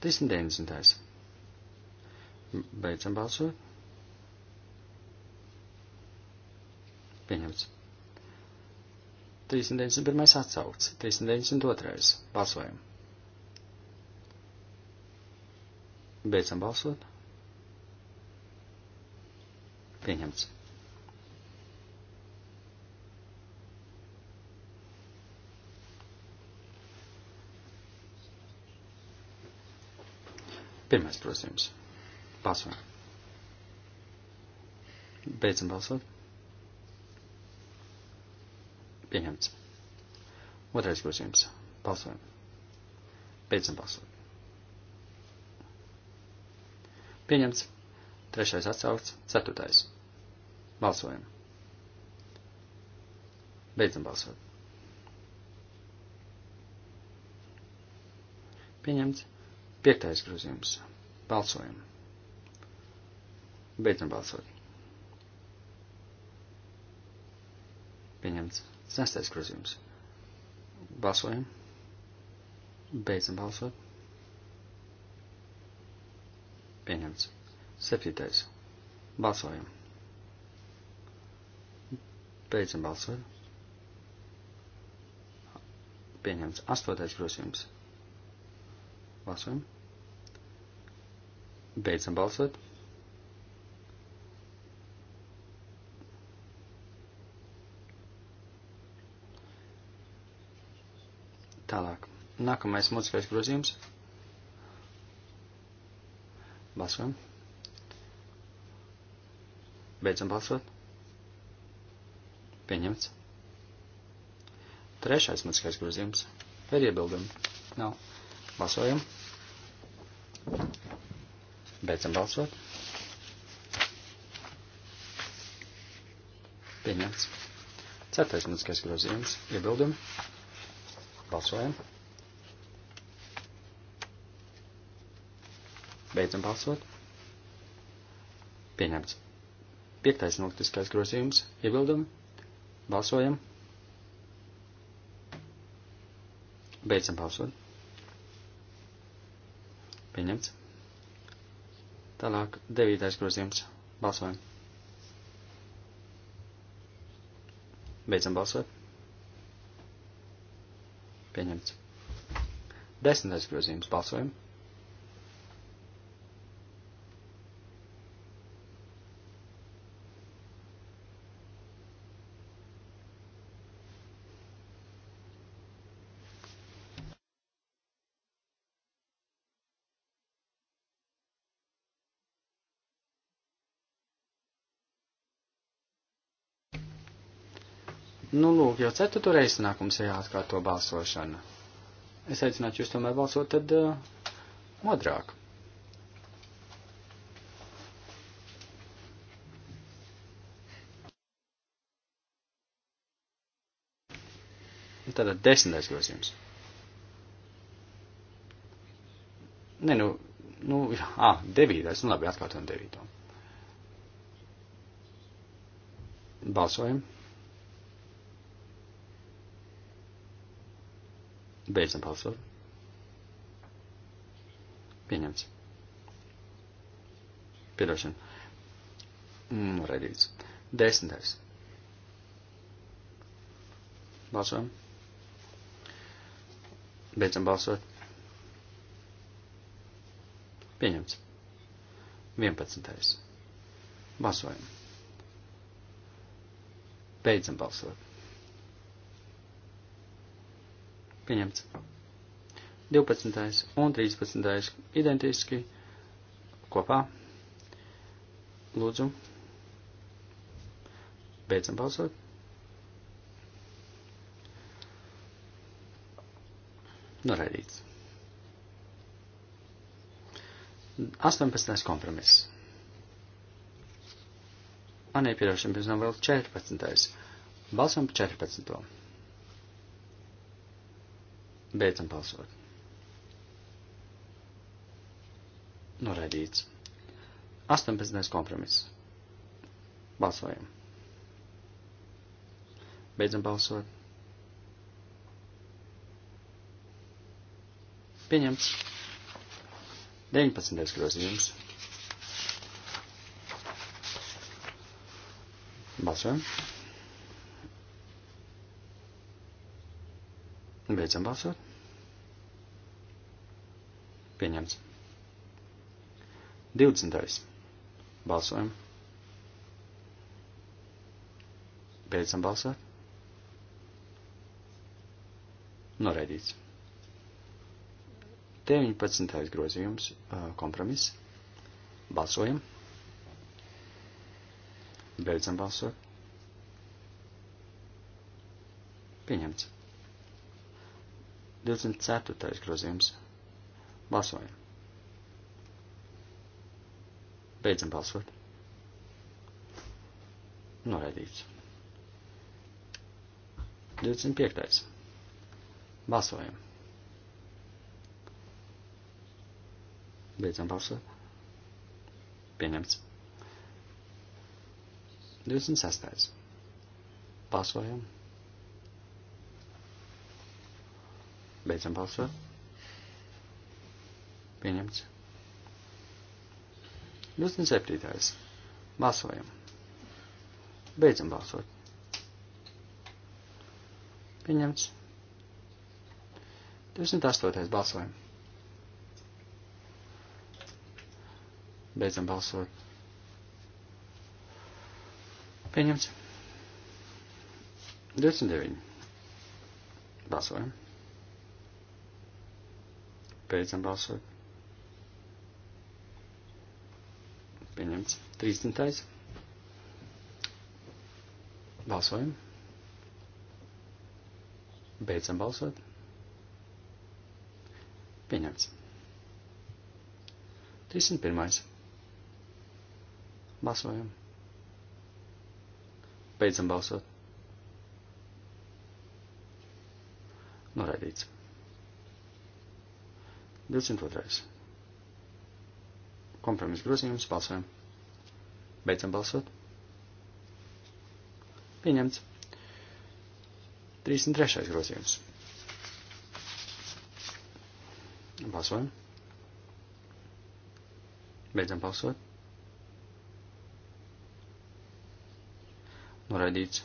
390. Beidzam balsot. Pieņemts. 391. atsaukts. 392. Balsojam. Beidzam balsot. Pieņemts. Pirmais grozījums. Balsojam. Beidzam balsot. Pieņemts. Otrais grozījums. Balsojam. Beidzam balsot. Pieņemts. Trešais atsaukts. Ceturtais. Balsojam. Beidzam balsot. Pieņemts. Piektais grozījums. Balsojam. Beidzam balsot. Pieņemts. Sestais grozījums. Balsojam. Beidzam balsot. Pieņemts. Septītais. Balsojam. Beidzam balsot. Pieņemts. Astotais grozījums. Balsojam. Beidzam balsot. Tālāk. Nākamais mutiskais grozījums. Balsojam. Beidzam balsot. Pieņemts. Trešais mutiskais grozījums. Vai iebildumi? Nav. No. Balsojam. Beidzam balsot. Pieņemts. Ceturtais mūzikas grozījums. Iebildumi. Balsojam. Beidzam balsot. Pieņemts. Piektais mūzikas grozījums. Iebildumi. Balsojam. Beidzam balsot. Pieņemts. Tālāk, devītais grozījums. Balsojam. Beidzam balsot. Pieņemts. Desmitais grozījums. Balsojam. lūk, jau ceturto reizi nākums ir jāatkārto balsošana. Es aicinātu jūs tomēr balsot tad uh, modrāk. Tātad nu, desmitais grozījums. Nē, nu, nu, ā, devītais, nu labi, atkārtojam devīto. Balsojam. Beidzam balsot. Pieņemts. Piedošana. Noraidīts. Mm, Desmitais. Balsojam. Beidzam balsot. Pieņemts. 11. Balsojam. Beidzam balsot. Pieņemts. 12. un 13. identiski kopā. Lūdzu. Beidzam balsot. Noraidīts. 18. kompromiss. Anē, piedošana, pēc tam vēl 14. Balsam 14. Beidzam balsot. Noraidīts. 18. kompromiss. Balsojam. Beidzam balsot. Pieņemts. 19. grozījums. Balsojam. Beidzam balsot. Pieņemts. 20. Balsojam. Beidzam balsot. Noraidīts. 19. grozījums, kompromiss. Balsojam. Beidzam balsot. Pieņemts. 24. grozījums. Balsojam. Beidzam balsot. Noraidīts. 25. Balsojam. Beidzam balsot. Pieņemts. 26. Balsojam. Beidzam balsot. Pieņemts. 27. Balsojam. Beidzam balsot. Pieņemts. 28. Balsojam. Beidzam balsot. Pieņemts. 29. Balsojam. Beidzam balsot. Pieņemts. 30. Balsojam. Beidzam balsot. Pieņemts. 31. Balsojam. Beidzam balsot. Noraidīts. 22. Kompromis grozījums balsojam. Beidzam balsot. Pieņemts. 33. grozījums. Balsojam. Beidzam balsot. Noraidīts.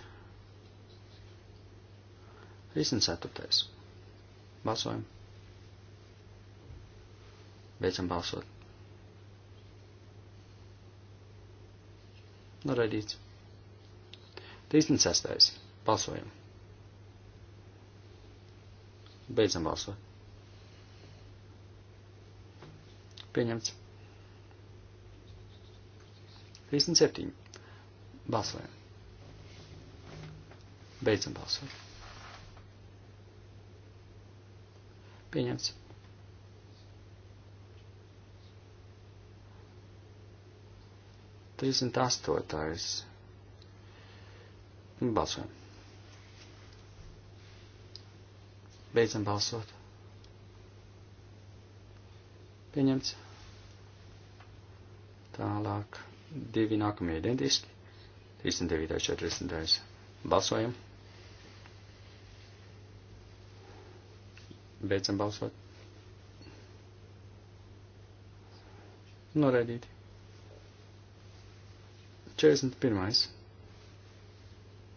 34. Balsojam. Beidzam balsot. Noraidīts. 36. Balsojam. Beidzam balsot. Pieņemts. 37. Balsojam. Beidzam balsot. Pieņemts. 38. Balsojam. Beidzam balsot. Pieņemts. Tālāk divi nākamie identiski. 39. 40. Balsojam. Beidzam balsot. Noraidīti. 41.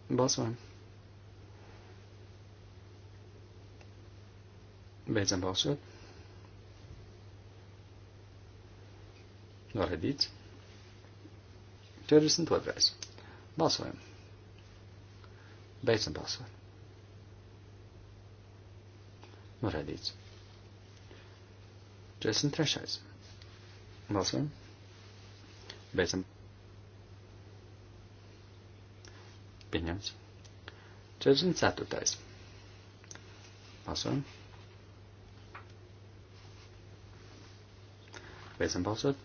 Balsojam. Beidzam balsot. Noraidīts. 42. Balsojam. Beidzam balsot. Noraidīts. 43. Balsojam. Beidzam Pieņemts. 44. Balsojam. Beidzam balsot.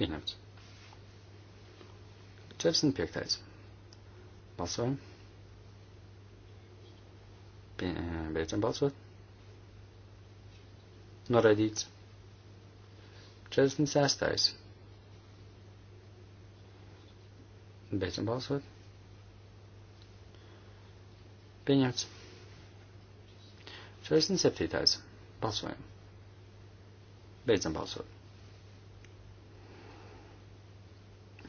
Pieņemts. 45. Balsojam. Pie, beidzam balsot. Noraidīts. 46. Beidzam balsot. Pieņemts. 47. Balsojam. Beidzam balsot.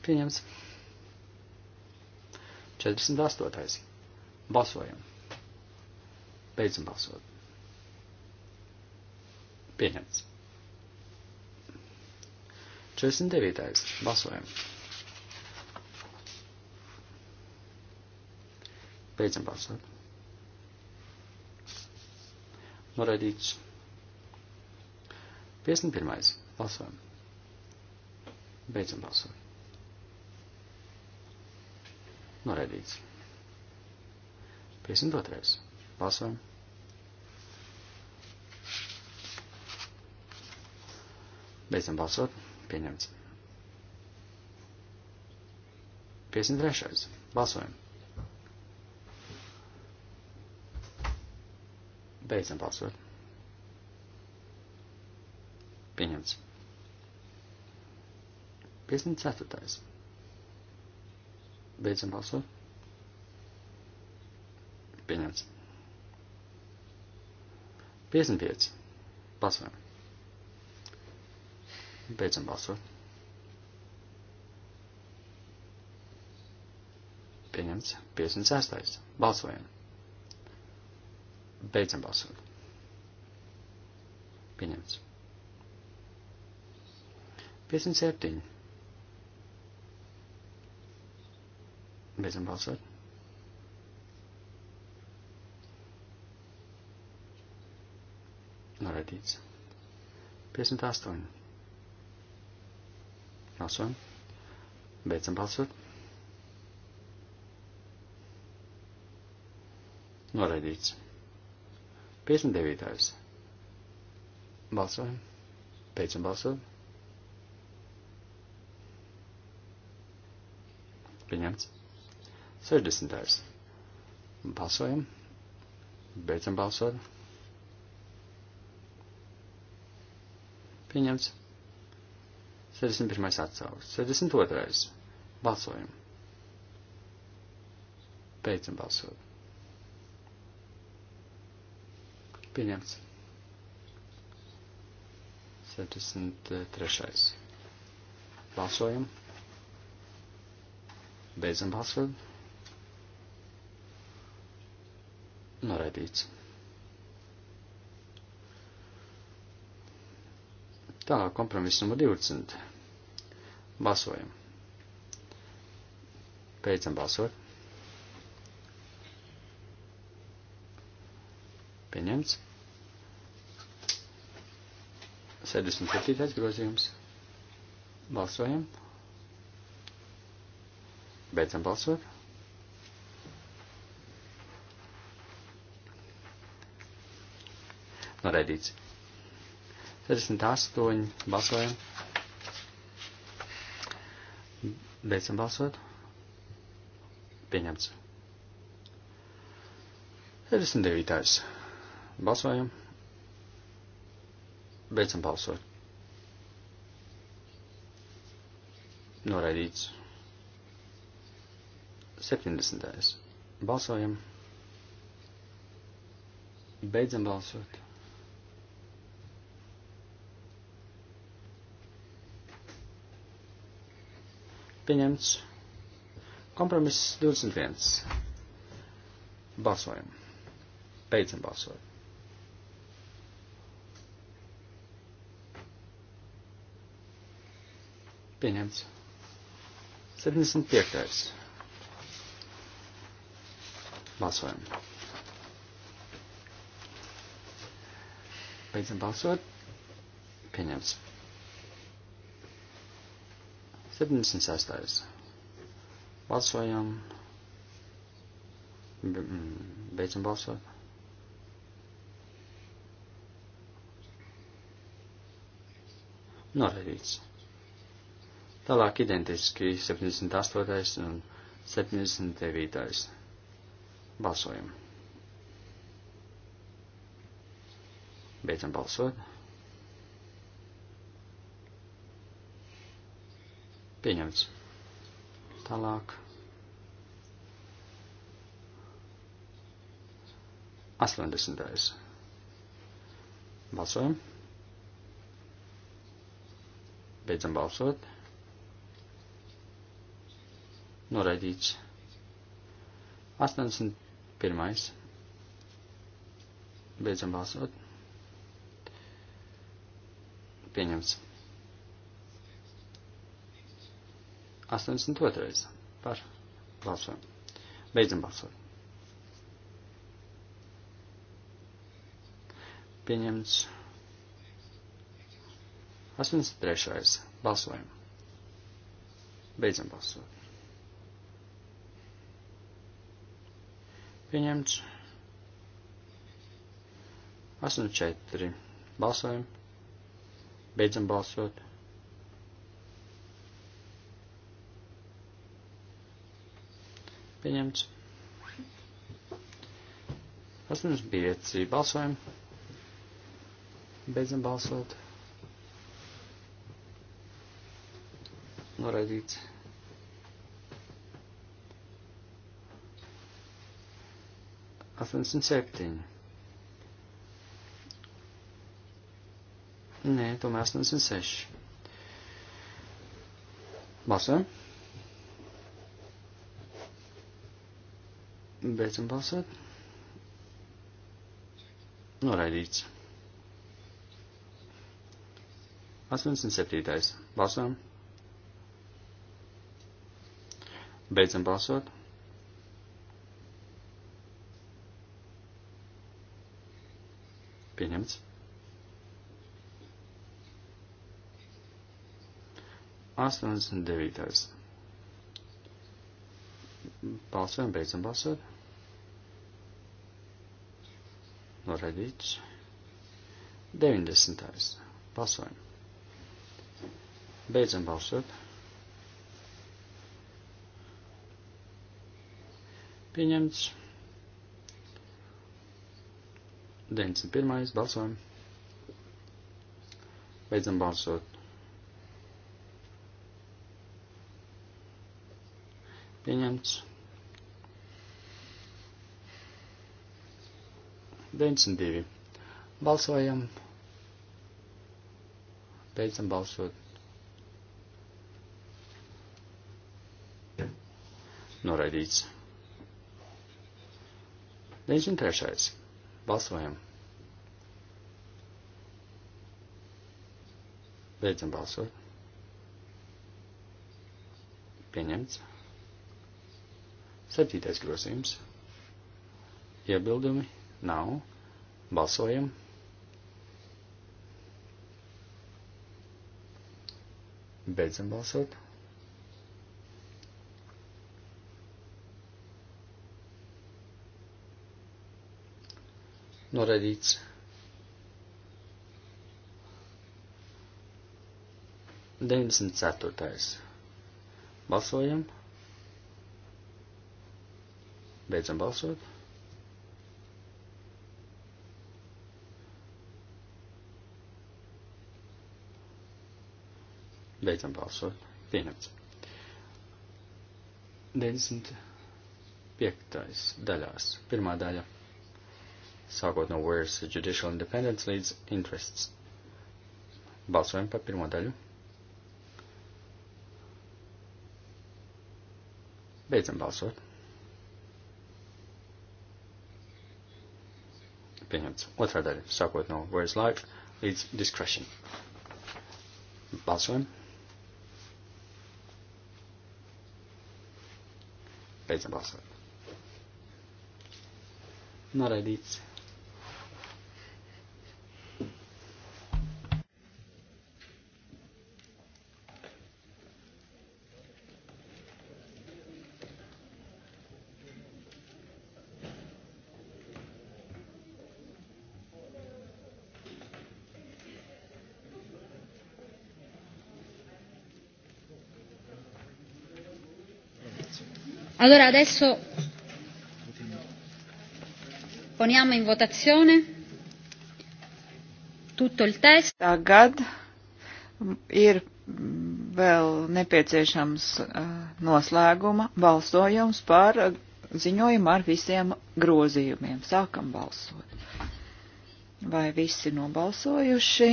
Pieņemts. 48. Balsojam. Beidzam balsot. Pieņemts. 49. Balsojam. Beidzam balsot. Noraidīts. 51. Balsojam. Beidzam balsot. Noraidīts. 52. Balsojam. Beidzam balsot. Pieņemts. 53. Balsojam. Beidzam balsot. Pieņemts. 54. Beidzam balsot. Pieņemts. 55. Balsojam. Beidzam balsot. Pieņemts. 56. Balsojam. Beidzam balsot. Pieņemts. 57. Beidzam balsot. Noraidīts. 58. Balsojam. Beidzam balsot. Noraidīts. 59. Balsojam. Beidzam balsot. Pieņemts. 60. Balsojam. Beidzam balsot. Pieņemts. 61. atsauks. 62. Balsojam. Beidzam balsot. Pieņemts. 73. Balsojam. Beidzam balsot. Noraidīts. Tālāk kompromiss numur 20. Balsojam. Beidzam balsot. Pieņemts. 77. grozījums. Balsojam. Beidzam balsot. Noraidīts. 68. Balsojam. Beidzam balsot. Pieņemts. 69. Balsojam. Beidzam balsot. Noraidīts. 70. Balsojam. Beidzam balsot. Pieņemts. Kompromiss 21. Balsojam. Beidzam balsot. Pieņemts. 75. Balsojam. Beidzam balsot. Pieņemts. 76. Balsojam. Mm, beidzam balsot. Noraidīts. Tālāk identiski 78. un 79. Balsojam. Beidzam balsot. Pieņemts. Tālāk. Astoņdesmitais. Balsojam. Beidzam balsot. Noraidīts. 81. Beidzam balsot. Pieņemts. 82. Par balsojumu. Beidzam balsot. Pieņemts. 83. Balsojam. Beidzam balsot. Pieņemts. 84. Balsojam. Beidzam balsot. Pieņemts. 85. Balsojam. Beidzam balsot. Noraidīts. 87. Nē, tomēr 86. Balsojam. Beidzam balsot. Noraidīts. 87. Balsojam. Beidzam balsot. Pieņemts. Astoņdesmit devītais. Balsojam, beidzam balsot. Noraidīts. 90. Balsojam. Beidzam balsot. Pieņemts. 91. balsojam. Beidzam balsot. Pieņemts. 92. Balsojam. Beidzam balsot. Noraidīts. 93. Balsojam. Beidzam balsot. Pieņemts. Septītais grozījums. Iebildumi nav. Balsojam. Beidzam balsot. Noraidīts. Deviņdesmit ceturtais. Balsojam. Beidzam balsot. Beidzam balsot. Pieņemts. 95. daļās. Pirmā daļa sākot no where's judicial independence līdz interests. Balsojam par pirmo daļu. Beidzam balsot. Pieņemts. Otrā daļa, sākot no where's life līdz discretion. Balsojam. Beidzam balsot. Noraidīts. Allora adesso poniamo in votazione tutto il testo. Tagad ir vēl nepieciešams uh, noslēguma balsojums par uh, ziņojumu ar visiem grozījumiem. Sākam balsot. Vai visi nobalsojuši?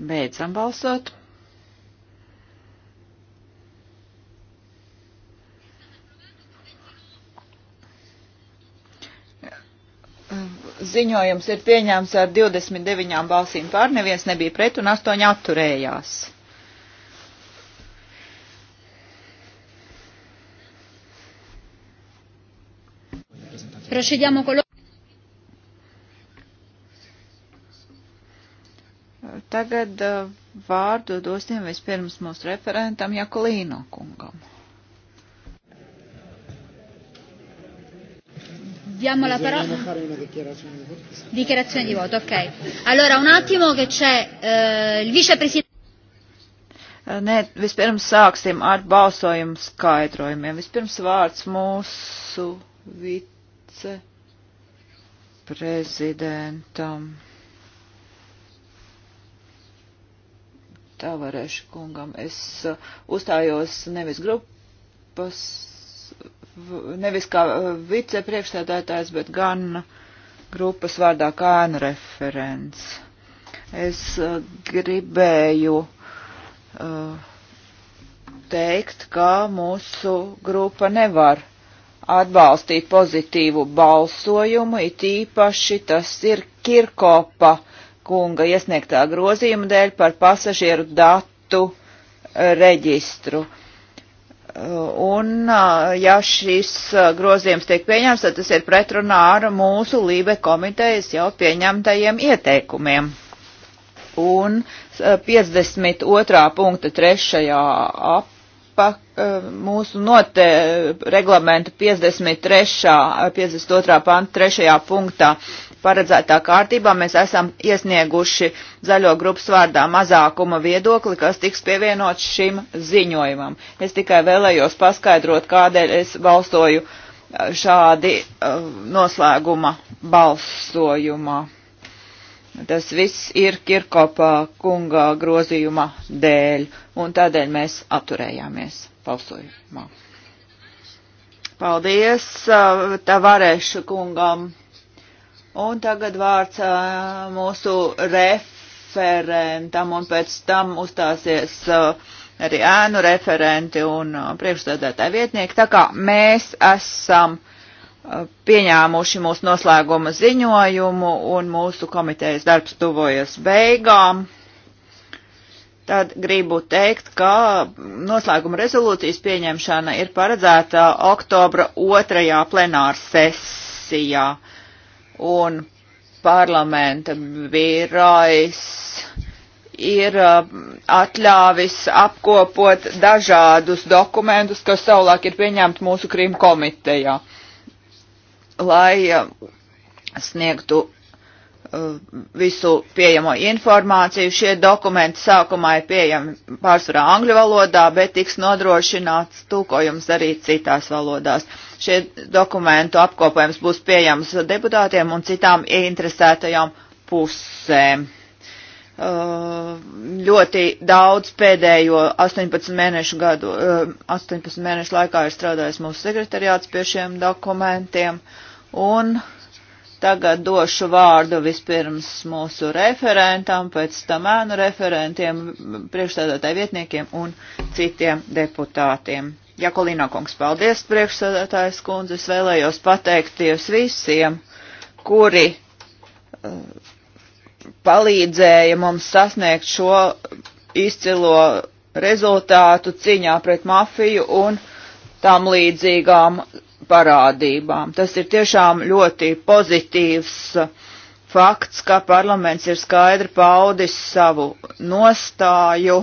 Beidzam balsot. Ziņojums ir pieņēmts ar 29 balsīm pār, neviens nebija pret un 8 atturējās. Procediamo con Tagad eh, vārdu dosim vispirms mūsu referentam Jakolīno kungam. Diamo la parola. fare una dichiarazione di voto. Dichiarazione di voto, ok. Allora un attimo che c'è uh, il vicepresidente. Eh, Nē, vispirms sāksim ar balsojumu skaidrojumiem. Vispirms vārds mūsu viceprezidentam. Tavareša kungam. Es eh, uzstājos nevis grupas nevis kā eh, vicepriekšstādātājs, bet gan grupas vārdā kā ēnu referents. Es eh, gribēju eh, teikt, ka mūsu grupa nevar atbalstīt pozitīvu balsojumu, it īpaši tas ir Kirkopa kunga iesniegtā grozījuma dēļ par pasažieru datu reģistru. Uh, Un, ja šis grozījums tiek pieņemts, tad tas ir pretrunā ar mūsu Lībe komitejas jau pieņemtajiem ieteikumiem. Un 52. punkta 3. ap pa mūsu note reglamentu 53. 52. panta 3. punktā paredzētā kārtībā mēs esam iesnieguši zaļo grupas vārdā mazākuma viedokli, kas tiks pievienots šim ziņojumam. Es tikai vēlējos paskaidrot, kādēļ es balsoju uh, šādi uh, noslēguma balsojumā. Tas viss ir Kirkopā kunga grozījuma dēļ, un tādēļ mēs atturējāmies balsojumā. Paldies uh, Tavareša kungam! Un tagad vārds mūsu referentam, un pēc tam uzstāsies arī ēnu referenti un priekšstādātāji vietnieki. Tā kā mēs esam pieņēmuši mūsu noslēguma ziņojumu un mūsu komitejas darbs tuvojas beigām, tad gribu teikt, ka noslēguma rezolūcijas pieņemšana ir paredzēta oktobra otrajā plenāra sesijā. Uh, un parlamenta birojs ir uh, atļāvis apkopot dažādus dokumentus, kas savulāk ir pieņemti mūsu krīm komitejā, lai uh, sniegtu Uh, visu pieejamo informāciju. Šie dokumenti sākumā ir pieejami pārsvarā angļu valodā, bet tiks nodrošināts tulkojums arī citās valodās. Šie dokumentu apkopējums būs pieejams deputātiem un citām interesētajām pusēm. Uh, ļoti daudz pēdējo 18 mēnešu, gadu, 18 uh, mēnešu laikā ir strādājis mūsu sekretariāts pie šiem dokumentiem. Un uh, Tagad došu vārdu vispirms mūsu referentam, pēc tam ēnu referentiem, priekšstādātāju vietniekiem un citiem deputātiem. Jakolīna kungs, paldies priekšstādātājas kundze, es vēlējos pateikties visiem, kuri uh, palīdzēja mums sasniegt šo izcilo rezultātu cīņā pret mafiju un tam līdzīgām parādībām. Tas ir tiešām ļoti pozitīvs uh, fakts, ka parlaments ir skaidri paudis savu nostāju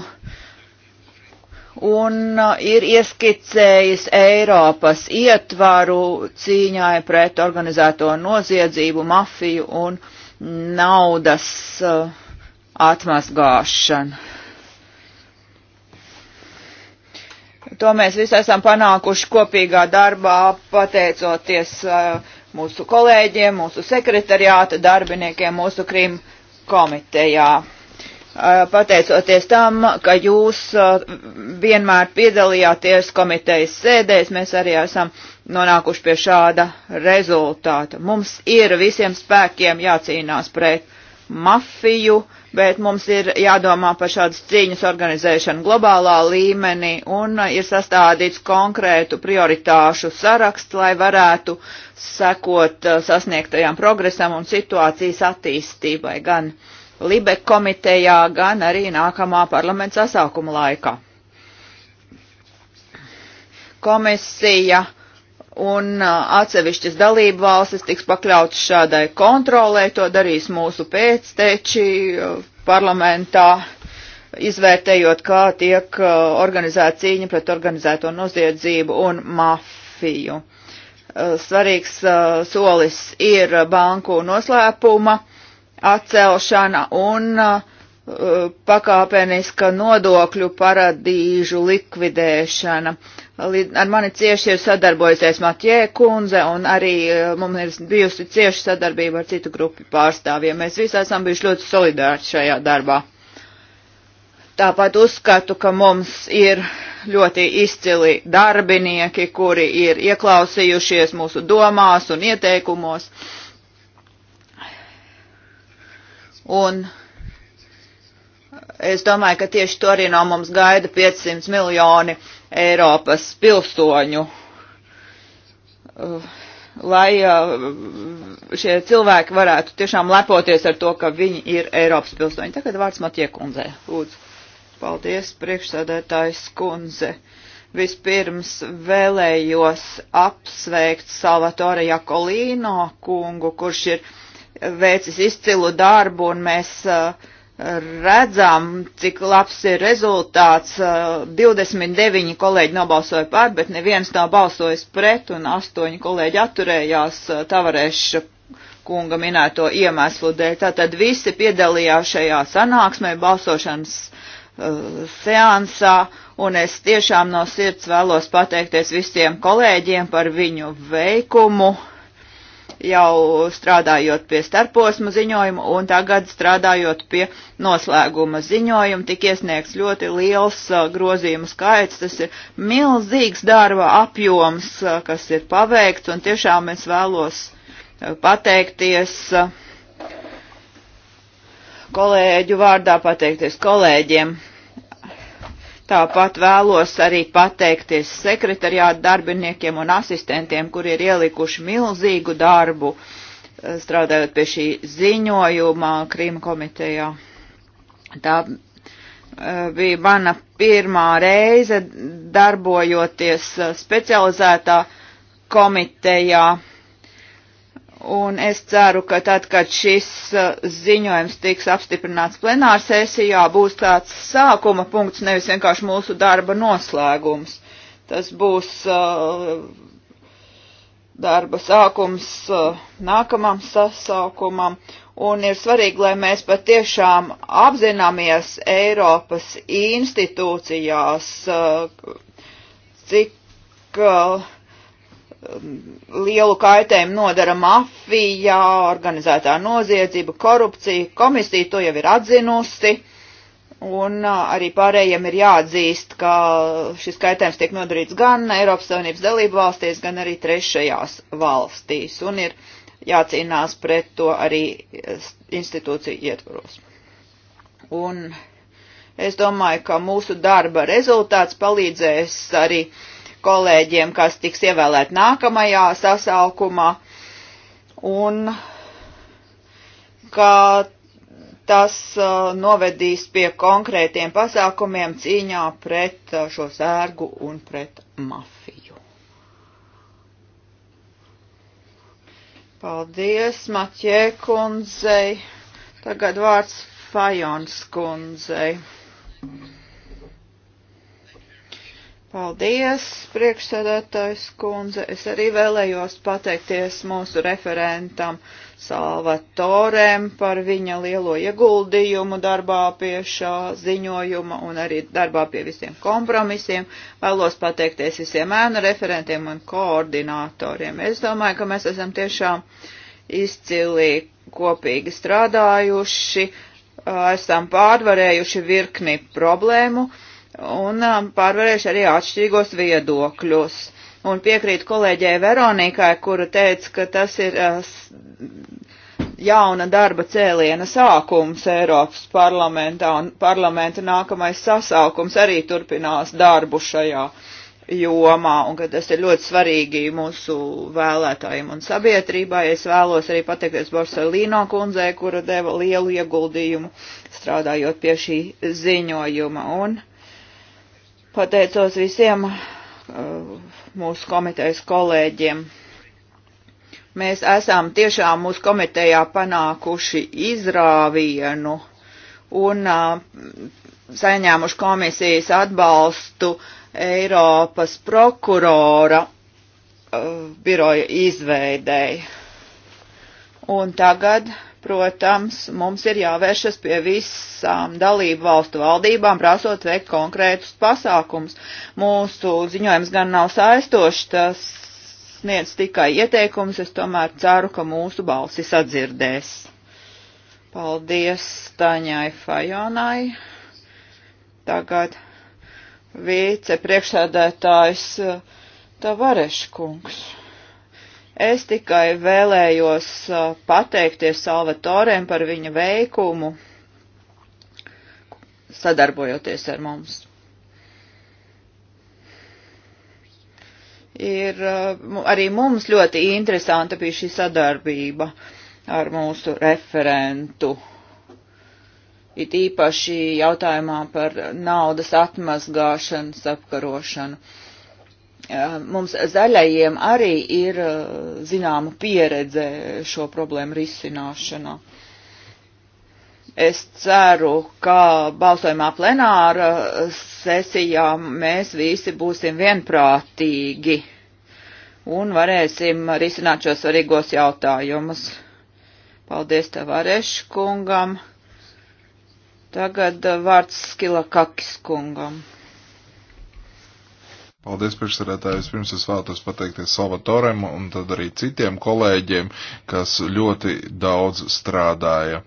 un uh, ir ieskicējis Eiropas ietvaru cīņai pret organizēto noziedzību, mafiju un naudas uh, atmazgāšanu. To mēs visi esam panākuši kopīgā darbā, pateicoties uh, mūsu kolēģiem, mūsu sekretariāta darbiniekiem, mūsu Krim komitejā uh, pateicoties tam, ka jūs uh, vienmēr piedalījāties komitejas sēdēs, mēs arī esam nonākuši pie šāda rezultāta. Mums ir visiem spēkiem jācīnās pret mafiju, bet mums ir jādomā par šādas cīņas organizēšanu globālā līmenī un uh, ir sastādīts konkrētu prioritāšu saraksts, lai varētu sekot uh, sasniegtajām progresam un situācijas attīstībai gan Libek komitejā, gan arī nākamā parlamenta sasaukuma laikā. Komisija uh, un atsevišķas dalību valstis tiks pakļauts šādai kontrolē, to darīs mūsu pēcteči parlamentā, izvērtējot, kā tiek organizēta cīņa pret organizēto noziedzību un mafiju. Svarīgs solis ir banku noslēpuma atcelšana un uh, pakāpeniska nodokļu paradīžu likvidēšana. Ar mani cieši ir sadarbojusies Matjē kundze un arī eh, mums ir bijusi cieši sadarbība ar citu grupu pārstāvjiem. Mēs visi esam bijuši ļoti solidāri šajā darbā. Tāpat uzskatu, ka mums ir ļoti izcili darbinieki, kuri ir ieklausījušies mūsu domās un ieteikumos. Un Es domāju, ka tieši to arī no mums gaida 500 miljoni Eiropas pilsoņu. Uh, lai uh, šie cilvēki varētu tiešām lepoties ar to, ka viņi ir Eiropas pilsoņi. Tagad vārds Matie kundzē. Lūdzu. Paldies, priekšsēdētājs kundze. Vispirms vēlējos apsveikt Salvatore Jakolīno kungu, kurš ir veicis izcilu darbu, un mēs uh, redzam, cik labs ir rezultāts. 29 kolēģi nobalsoja pār, bet neviens nav balsojis pret, un 8 kolēģi atturējās uh, Tavareša kunga minēto iemeslu dēļ. Tātad visi piedalījās šajā sanāksmē, balsošanas uh, seansā, un es tiešām no sirds vēlos pateikties visiem kolēģiem par viņu veikumu jau strādājot pie starposma ziņojuma un tagad strādājot pie noslēguma ziņojuma, tik iesniegts ļoti liels uh, grozījumu skaits. Tas ir milzīgs darba apjoms, uh, kas ir paveikts, un tiešām es vēlos uh, pateikties kolēģu vārdā, pateikties kolēģiem Tāpat vēlos arī pateikties sekretariāta darbiniekiem un asistentiem, kuri ir ielikuši milzīgu darbu eh, strādājot pie šī ziņojuma Krīma komitejā. Tā eh, bija mana pirmā reize darbojoties eh, specializētā komitejā Un es ceru, ka tad, kad šis uh, ziņojums tiks apstiprināts plenārsēsijā, būs tāds sākuma punkts, nevis vienkārši mūsu darba noslēgums. Tas būs uh, darba sākums uh, nākamam sasaukumam, un ir svarīgi, lai mēs patiešām apzināmies Eiropas institūcijās, uh, cik uh, Um, lielu kaitējumu nodara mafija, organizētā noziedzība, korupcija. Komisija to jau ir atzinusi. Un uh, arī pārējiem ir jāatzīst, ka šis kaitējums tiek nodarīts gan Eiropas Savienības dalību valstīs, gan arī trešajās valstīs. Un ir jācīnās pret to arī uh, institūciju ietvaros. Un es domāju, ka mūsu darba rezultāts palīdzēs arī uh, kolēģiem, kas tiks ievēlēt nākamajā sasaukumā, un ka tas uh, novedīs pie konkrētiem pasākumiem cīņā pret uh, šo sērgu un pret mafiju. Paldies, Maķē kundzei. Tagad vārds Fajons kundzei. Paldies, priekšsēdētājs kundze. Es arī vēlējos pateikties mūsu referentam Salvatorem par viņa lielo ieguldījumu darbā pie šā ziņojuma un arī darbā pie visiem kompromisiem. Vēlos pateikties visiem ēnu referentiem un koordinatoriem. Es domāju, ka mēs esam tiešām izcilīgi kopīgi strādājuši, esam pārvarējuši virkni problēmu un um, pārvarējuši arī atšķirīgos viedokļus. Un piekrīt kolēģei Veronikai, kura teica, ka tas ir uh, jauna darba cēliena sākums Eiropas parlamentā, un parlamenta nākamais sasaukums arī turpinās darbu šajā jomā, un ka tas ir ļoti svarīgi mūsu vēlētājiem un sabiedrībai. Es vēlos arī pateikties Borsalīno kundzei, kura deva lielu ieguldījumu strādājot pie šī ziņojuma. Un, uh, Pateicos visiem uh, mūsu komitejas kolēģiem. Mēs esam tiešām mūsu komitejā panākuši izrāvienu un uh, saņēmuši komisijas atbalstu Eiropas prokurora uh, biroja izveidēji. Un tagad Protams, mums ir jāvēršas pie visām dalību valstu valdībām, prasot veikt konkrētus pasākums. Mūsu ziņojums gan nav saistošs, tas sniedz tikai ieteikums, es tomēr ceru, ka mūsu balsis atdzirdēs. Paldies Taņai Fajonai. Tagad vicepriekšsēdētājs Tavareškungs. Es tikai vēlējos pateikties Salvatorem par viņa veikumu, sadarbojoties ar mums. Ir arī mums ļoti interesanta bija šī sadarbība ar mūsu referentu. It īpaši jautājumā par naudas atmazgāšanas apkarošanu mums zaļajiem arī ir zināma pieredze šo problēmu risināšanā. Es ceru, ka balsojumā plenāra sesijā mēs visi būsim vienprātīgi un varēsim risināt šos svarīgos jautājumus. Paldies tev, Arešu kungam. Tagad vārds Skila Kakis kungam. Paldies, priekšsarētājs. Pirms es vēlētos pateikties Salvatorem un tad arī citiem kolēģiem, kas ļoti daudz strādāja,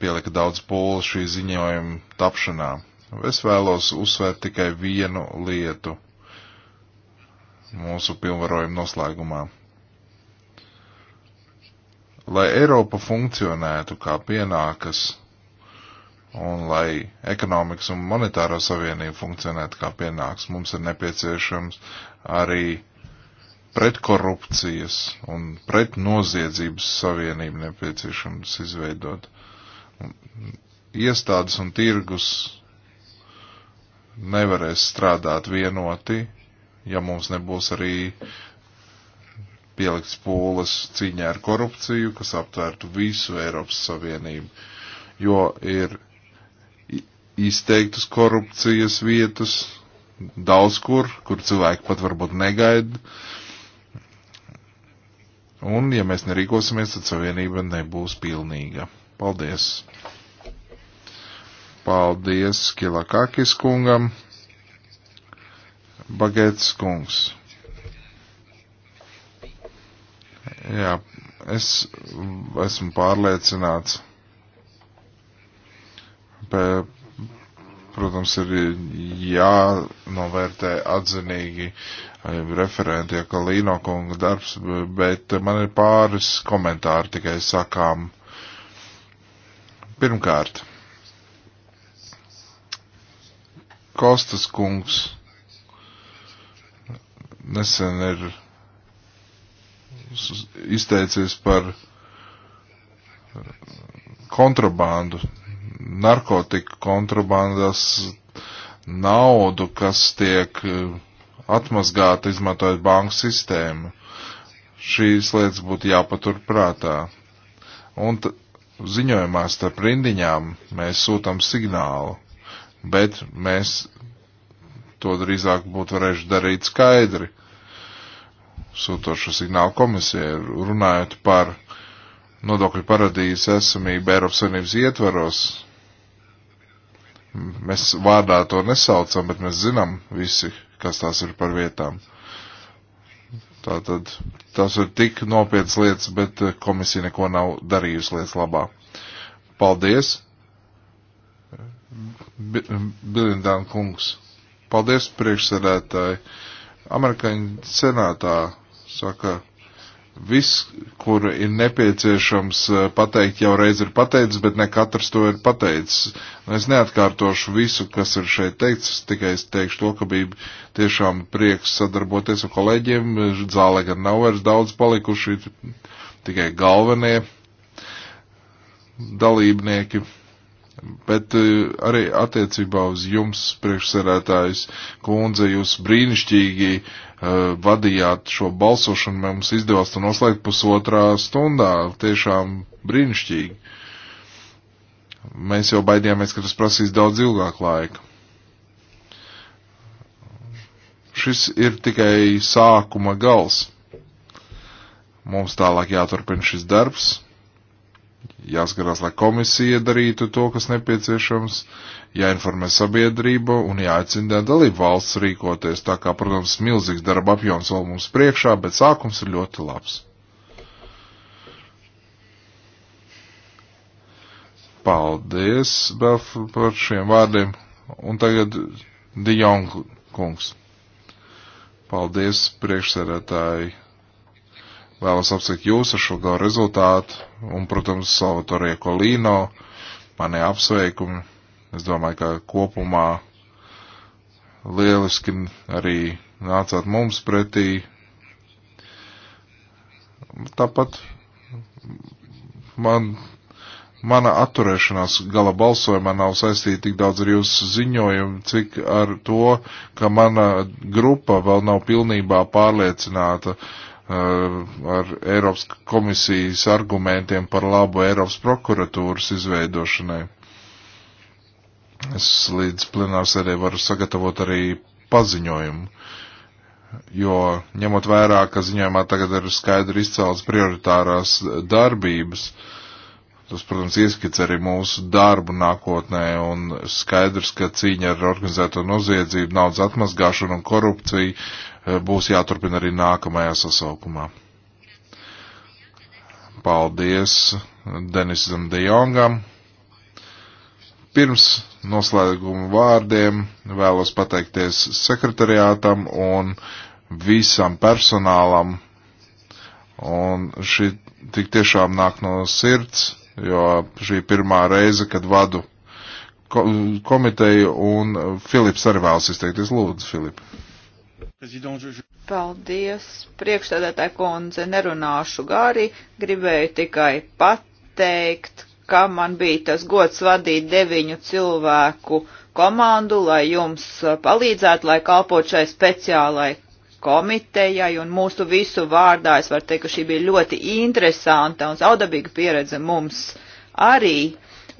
pielika daudz pūles šī ziņojuma tapšanā. Es vēlos uzsvērt tikai vienu lietu mūsu pilnvarojuma noslēgumā. Lai Eiropa funkcionētu kā pienākas un lai ekonomikas un monetāro savienību funkcionētu kā pienāks, mums ir nepieciešams arī pretkorupcijas un pretnoziedzības savienību nepieciešams izveidot. Iestādes un tirgus nevarēs strādāt vienoti, ja mums nebūs arī pielikts pūles cīņā ar korupciju, kas aptvērtu visu Eiropas Savienību, jo ir izteiktas korupcijas vietas, daudz kur, kur cilvēki pat varbūt negaida. Un, ja mēs nerīkosimies, tad savienība nebūs pilnīga. Paldies! Paldies Kilakakis kungam! Bagēts kungs! Jā, es esmu pārliecināts. Pēc protams, ir jānovērtē atzinīgi eh, referenti, ja Kalīno kunga darbs, bet man ir pāris komentāri tikai sakām. Pirmkārt, Kostas kungs nesen ir izteicies par kontrabandu narkotiku kontrabandas naudu, kas tiek e, atmazgāta izmantojot banku sistēmu. Šīs lietas būtu jāpatur prātā. Un ziņojumā starp rindiņām mēs sūtam signālu, bet mēs to drīzāk būtu varējuši darīt skaidri, sūtot šo signālu komisijai, runājot par nodokļu paradīzes esamību Eiropas Savienības ietvaros, Mēs vārdā to nesaucam, bet mēs zinām visi, kas tās ir par vietām. Tātad tas ir tik nopietnas lietas, bet komisija neko nav darījusi lietas labā. Paldies! Bilindāna kungs. Paldies priekšsēdētāji. Amerikāņu senātā saka, Viss, kur ir nepieciešams eh, pateikt, jau reiz ir pateicis, bet ne katrs to ir pateicis. Es neatkārtošu visu, kas ir šeit teikts, tikai es teikšu to, ka bija tiešām prieks sadarboties ar kolēģiem. Zāle gan nav vairs daudz palikuši, tikai galvenie dalībnieki. Bet eh, arī attiecībā uz jums, priekšsēdētājs kundze, jūs brīnišķīgi uh, Eh, vadījāt šo balsošanu, mums izdevās to noslēgt pusotrā stundā. Tiešām brīnišķīgi. Mēs jau baidījāmies, ka tas prasīs daudz ilgāk laika. Šis ir tikai sākuma gals. Mums tālāk jāturpina šis darbs jāskarās, lai komisija darītu to, kas nepieciešams, jāinformē sabiedrība un jāicina dalību valsts rīkoties. Tā kā, protams, milzīgs darba apjoms vēl mums priekšā, bet sākums ir ļoti labs. Paldies, Belf, par šiem vārdiem. Un tagad Dijong kungs. Paldies, priekšsēdētāji Vēlos apsveikt jūs ar šo gala rezultātu un, protams, Salvatore Kolīno, mani apsveikumi. Es domāju, ka kopumā lieliski arī nācāt mums pretī. Tāpat man, mana atturēšanās gala balsojumā nav saistīta tik daudz ar jūsu ziņojumu, cik ar to, ka mana grupa vēl nav pilnībā pārliecināta Uh, ar Eiropas komisijas argumentiem par labu Eiropas prokuratūras izveidošanai. Es līdz plenārsēdē varu sagatavot arī paziņojumu, jo ņemot vērā, ka ziņojumā tagad ir skaidri izcēlas prioritārās darbības, tas, protams, ieskic arī mūsu darbu nākotnē un skaidrs, ka cīņa ar organizēto noziedzību, naudas atmazgāšanu un korupciju būs jāturpina arī nākamajā sasaukumā. Paldies Denisam Dejongam. Pirms noslēguma vārdiem vēlos pateikties sekretariātam un visam personālam. Un šī tik tiešām nāk no sirds, jo šī pirmā reize, kad vadu komiteju un Filips arī vēlas izteikties. Lūdzu, Filips. Paldies, priekšstādātāja kundze, nerunāšu gārī, gribēju tikai pateikt, ka man bija tas gods vadīt deviņu cilvēku komandu, lai jums palīdzētu, lai kalpot šai speciālai komitejai un mūsu visu vārdā. Es varu teikt, ka šī bija ļoti interesanta un zaudabīga pieredze mums arī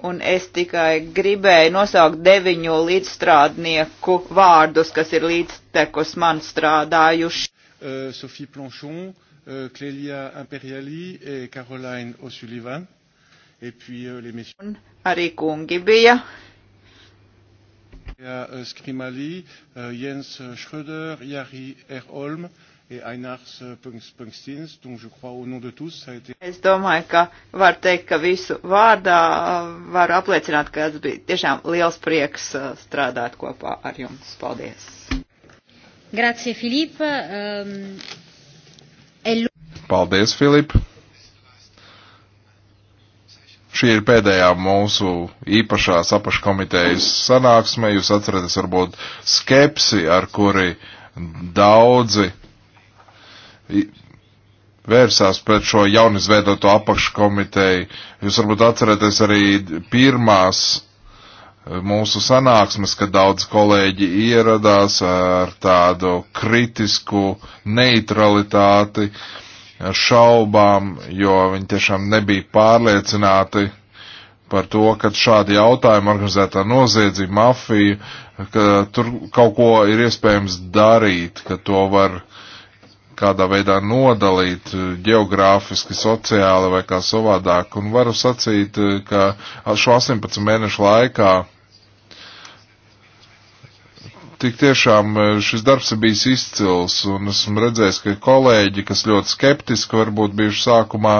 un es tikai gribēju nosaukt deviņu līdzstrādnieku vārdus, kas ir līdztekus man strādājuši. Uh, Sofija Plonchon, uh, Clélia Imperiali et Caroline O'Sullivan. Et puis uh, les messieurs. Un arī kungi bija. Uh, Skrimali, uh, Jens Schröder, Jari Erholm, Es domāju, ka var teikt, ka visu vārdā uh, varu apliecināt, ka tas bija tiešām liels prieks uh, strādāt kopā ar jums. Paldies! Grazie, Filip! Um, el... Paldies, Filip! Šī ir pēdējā mūsu īpašās apaškomitejas sanāksme. Jūs atceraties varbūt skepsi, ar kuri daudzi vērsās pret šo jaunizveidoto apakškomiteju. Jūs varbūt atceraties arī pirmās eh, mūsu sanāksmes, kad daudz kolēģi ieradās ar tādu kritisku neutralitāti, ar šaubām, jo viņi tiešām nebija pārliecināti par to, ka šādi jautājumi, organizētā noziedzība, mafija, ka tur kaut ko ir iespējams darīt, ka to var kādā veidā nodalīt eh, geogrāfiski, sociāli vai kā savādāk. Un varu sacīt, eh, ka šo 18 mēnešu laikā tik tiešām eh, šis darbs ir bijis izcils, un esmu redzējis, ka kolēģi, kas ļoti skeptiski varbūt bijuši sākumā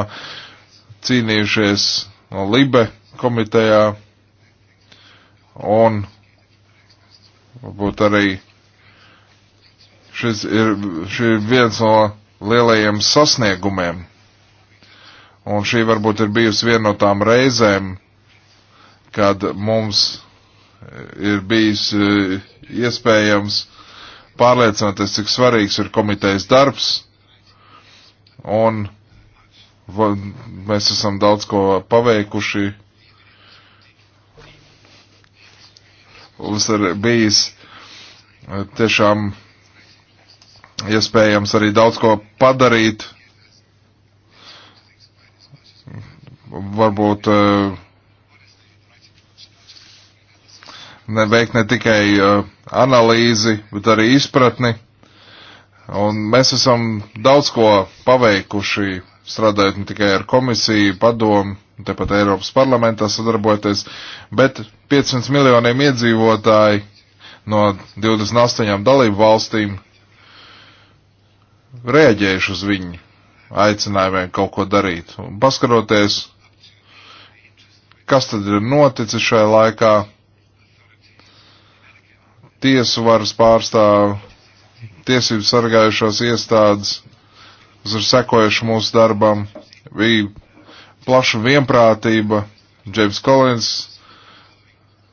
cīnījušies no Libe komitejā, un varbūt arī Šis ir, šis ir viens no lielajiem sasniegumiem. Un šī varbūt ir bijusi viena no tām reizēm, kad mums ir bijis e, iespējams pārliecināties, cik svarīgs ir komitejas darbs. Un mēs esam daudz ko paveikuši. Mums ir bijis e, tiešām iespējams arī daudz ko padarīt. Varbūt eh, neveikt ne tikai eh, analīzi, bet arī izpratni. Un mēs esam daudz ko paveikuši, strādājot ne tikai ar komisiju, padomu, tepat Eiropas parlamentā sadarbojoties, bet 500 miljoniem iedzīvotāji no 28 dalību valstīm reaģējuši uz viņu aicinājumiem kaut ko darīt. Un paskaroties, kas tad ir noticis šajā laikā, tiesu varas pārstāv, tiesību sargājušās iestādes, kas ir sekojuši mūsu darbam, bija plaša vienprātība, Džeims Kolins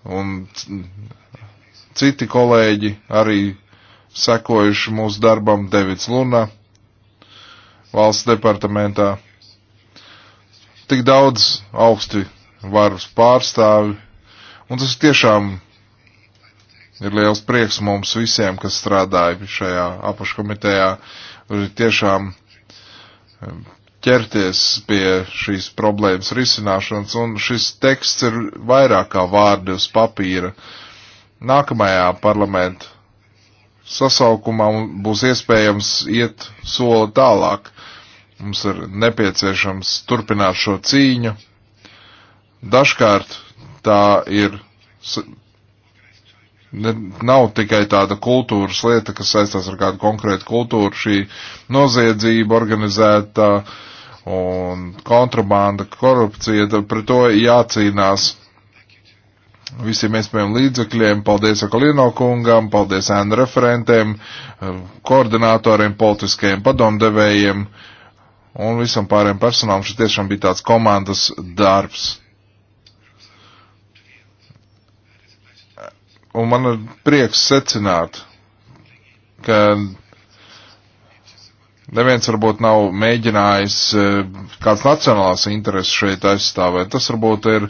un citi kolēģi arī sekojuši mūsu darbam Devits Luna valsts departamentā. Tik daudz augsti varas pārstāvi, un tas tiešām ir liels prieks mums visiem, kas strādāja šajā apakškomitejā, tiešām um, ķerties pie šīs problēmas risināšanas, un šis teksts ir vairāk kā vārdi uz papīra. Nākamajā parlamenta sasaukumā būs iespējams iet soli tālāk. Mums ir nepieciešams turpināt šo cīņu. Dažkārt tā ir, ne, nav tikai tāda kultūras lieta, kas saistās ar kādu konkrētu kultūru, šī noziedzība organizēta un kontrabanda, korupcija, pret to jācīnās visiem iespējamiem līdzekļiem. Paldies Akalino kungam, paldies ēnu referentiem, eh, koordinātoriem, politiskajiem padomdevējiem un visam pārējiem personām. Šis tiešām bija tāds komandas darbs. Un man ir prieks secināt, ka Neviens varbūt nav mēģinājis eh, kāds nacionāls intereses šeit aizstāvēt. Tas varbūt ir uh,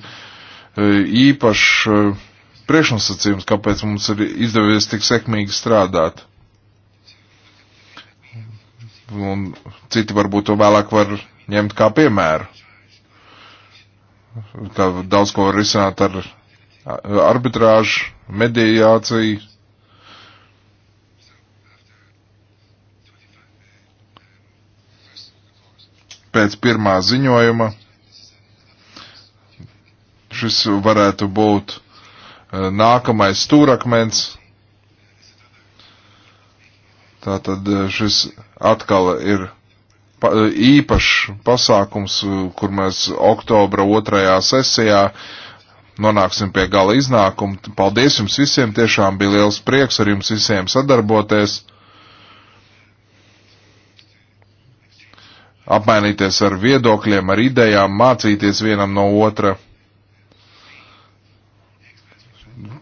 E, īpašs e, priekšnosacījums, kāpēc mums ir izdevies tik sekmīgi strādāt. Un citi varbūt to vēlāk var ņemt kā piemēru. Kā daudz ko var risināt ar arbitrāžu, mediāciju. Pēc pirmā ziņojuma Šis varētu būt eh, nākamais stūrakmens. Tātad eh, šis atkal ir eh, īpašs pasākums, kur mēs oktobra otrajā sesijā nonāksim pie gala iznākuma. Paldies jums visiem, tiešām bija liels prieks ar jums visiem sadarboties, apmainīties ar viedokļiem, ar idejām, mācīties vienam no otra.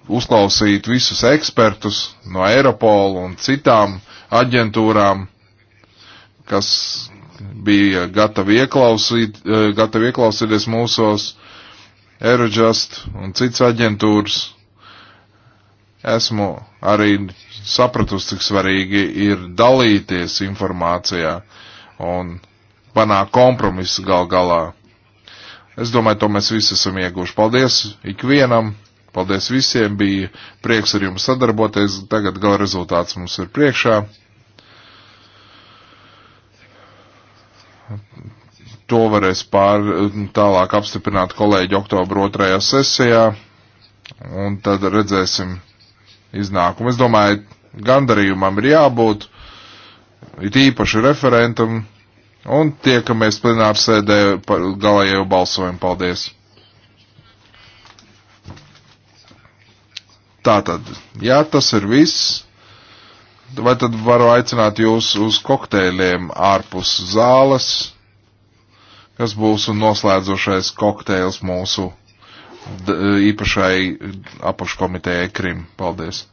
uzklausīt visus ekspertus no Eiropola un citām aģentūrām, kas bija gatavi, ieklausīt, eh, gatavi ieklausīties mūsos, Eurojust un cits aģentūras. Esmu arī sapratusi, cik svarīgi ir dalīties informācijā un panākt kompromisu gal galā. Es domāju, to mēs visi esam ieguvuši. Paldies ikvienam, Paldies visiem, bija prieks ar jums sadarboties, tagad gala rezultāts mums ir priekšā. To varēs pār, tālāk apstiprināt kolēģi oktobra otrajā sesijā, un tad redzēsim iznākumu. Es domāju, gandarījumam ir jābūt, it īpaši referentam, un tiekamies plenārsēdē galējai balsojumu. Paldies! Tātad, ja tas ir viss, vai tad varu aicināt jūs uz kokteļiem ārpus zāles, kas būs un noslēdzošais kokteils mūsu īpašai apakškomitejai Krim. Paldies!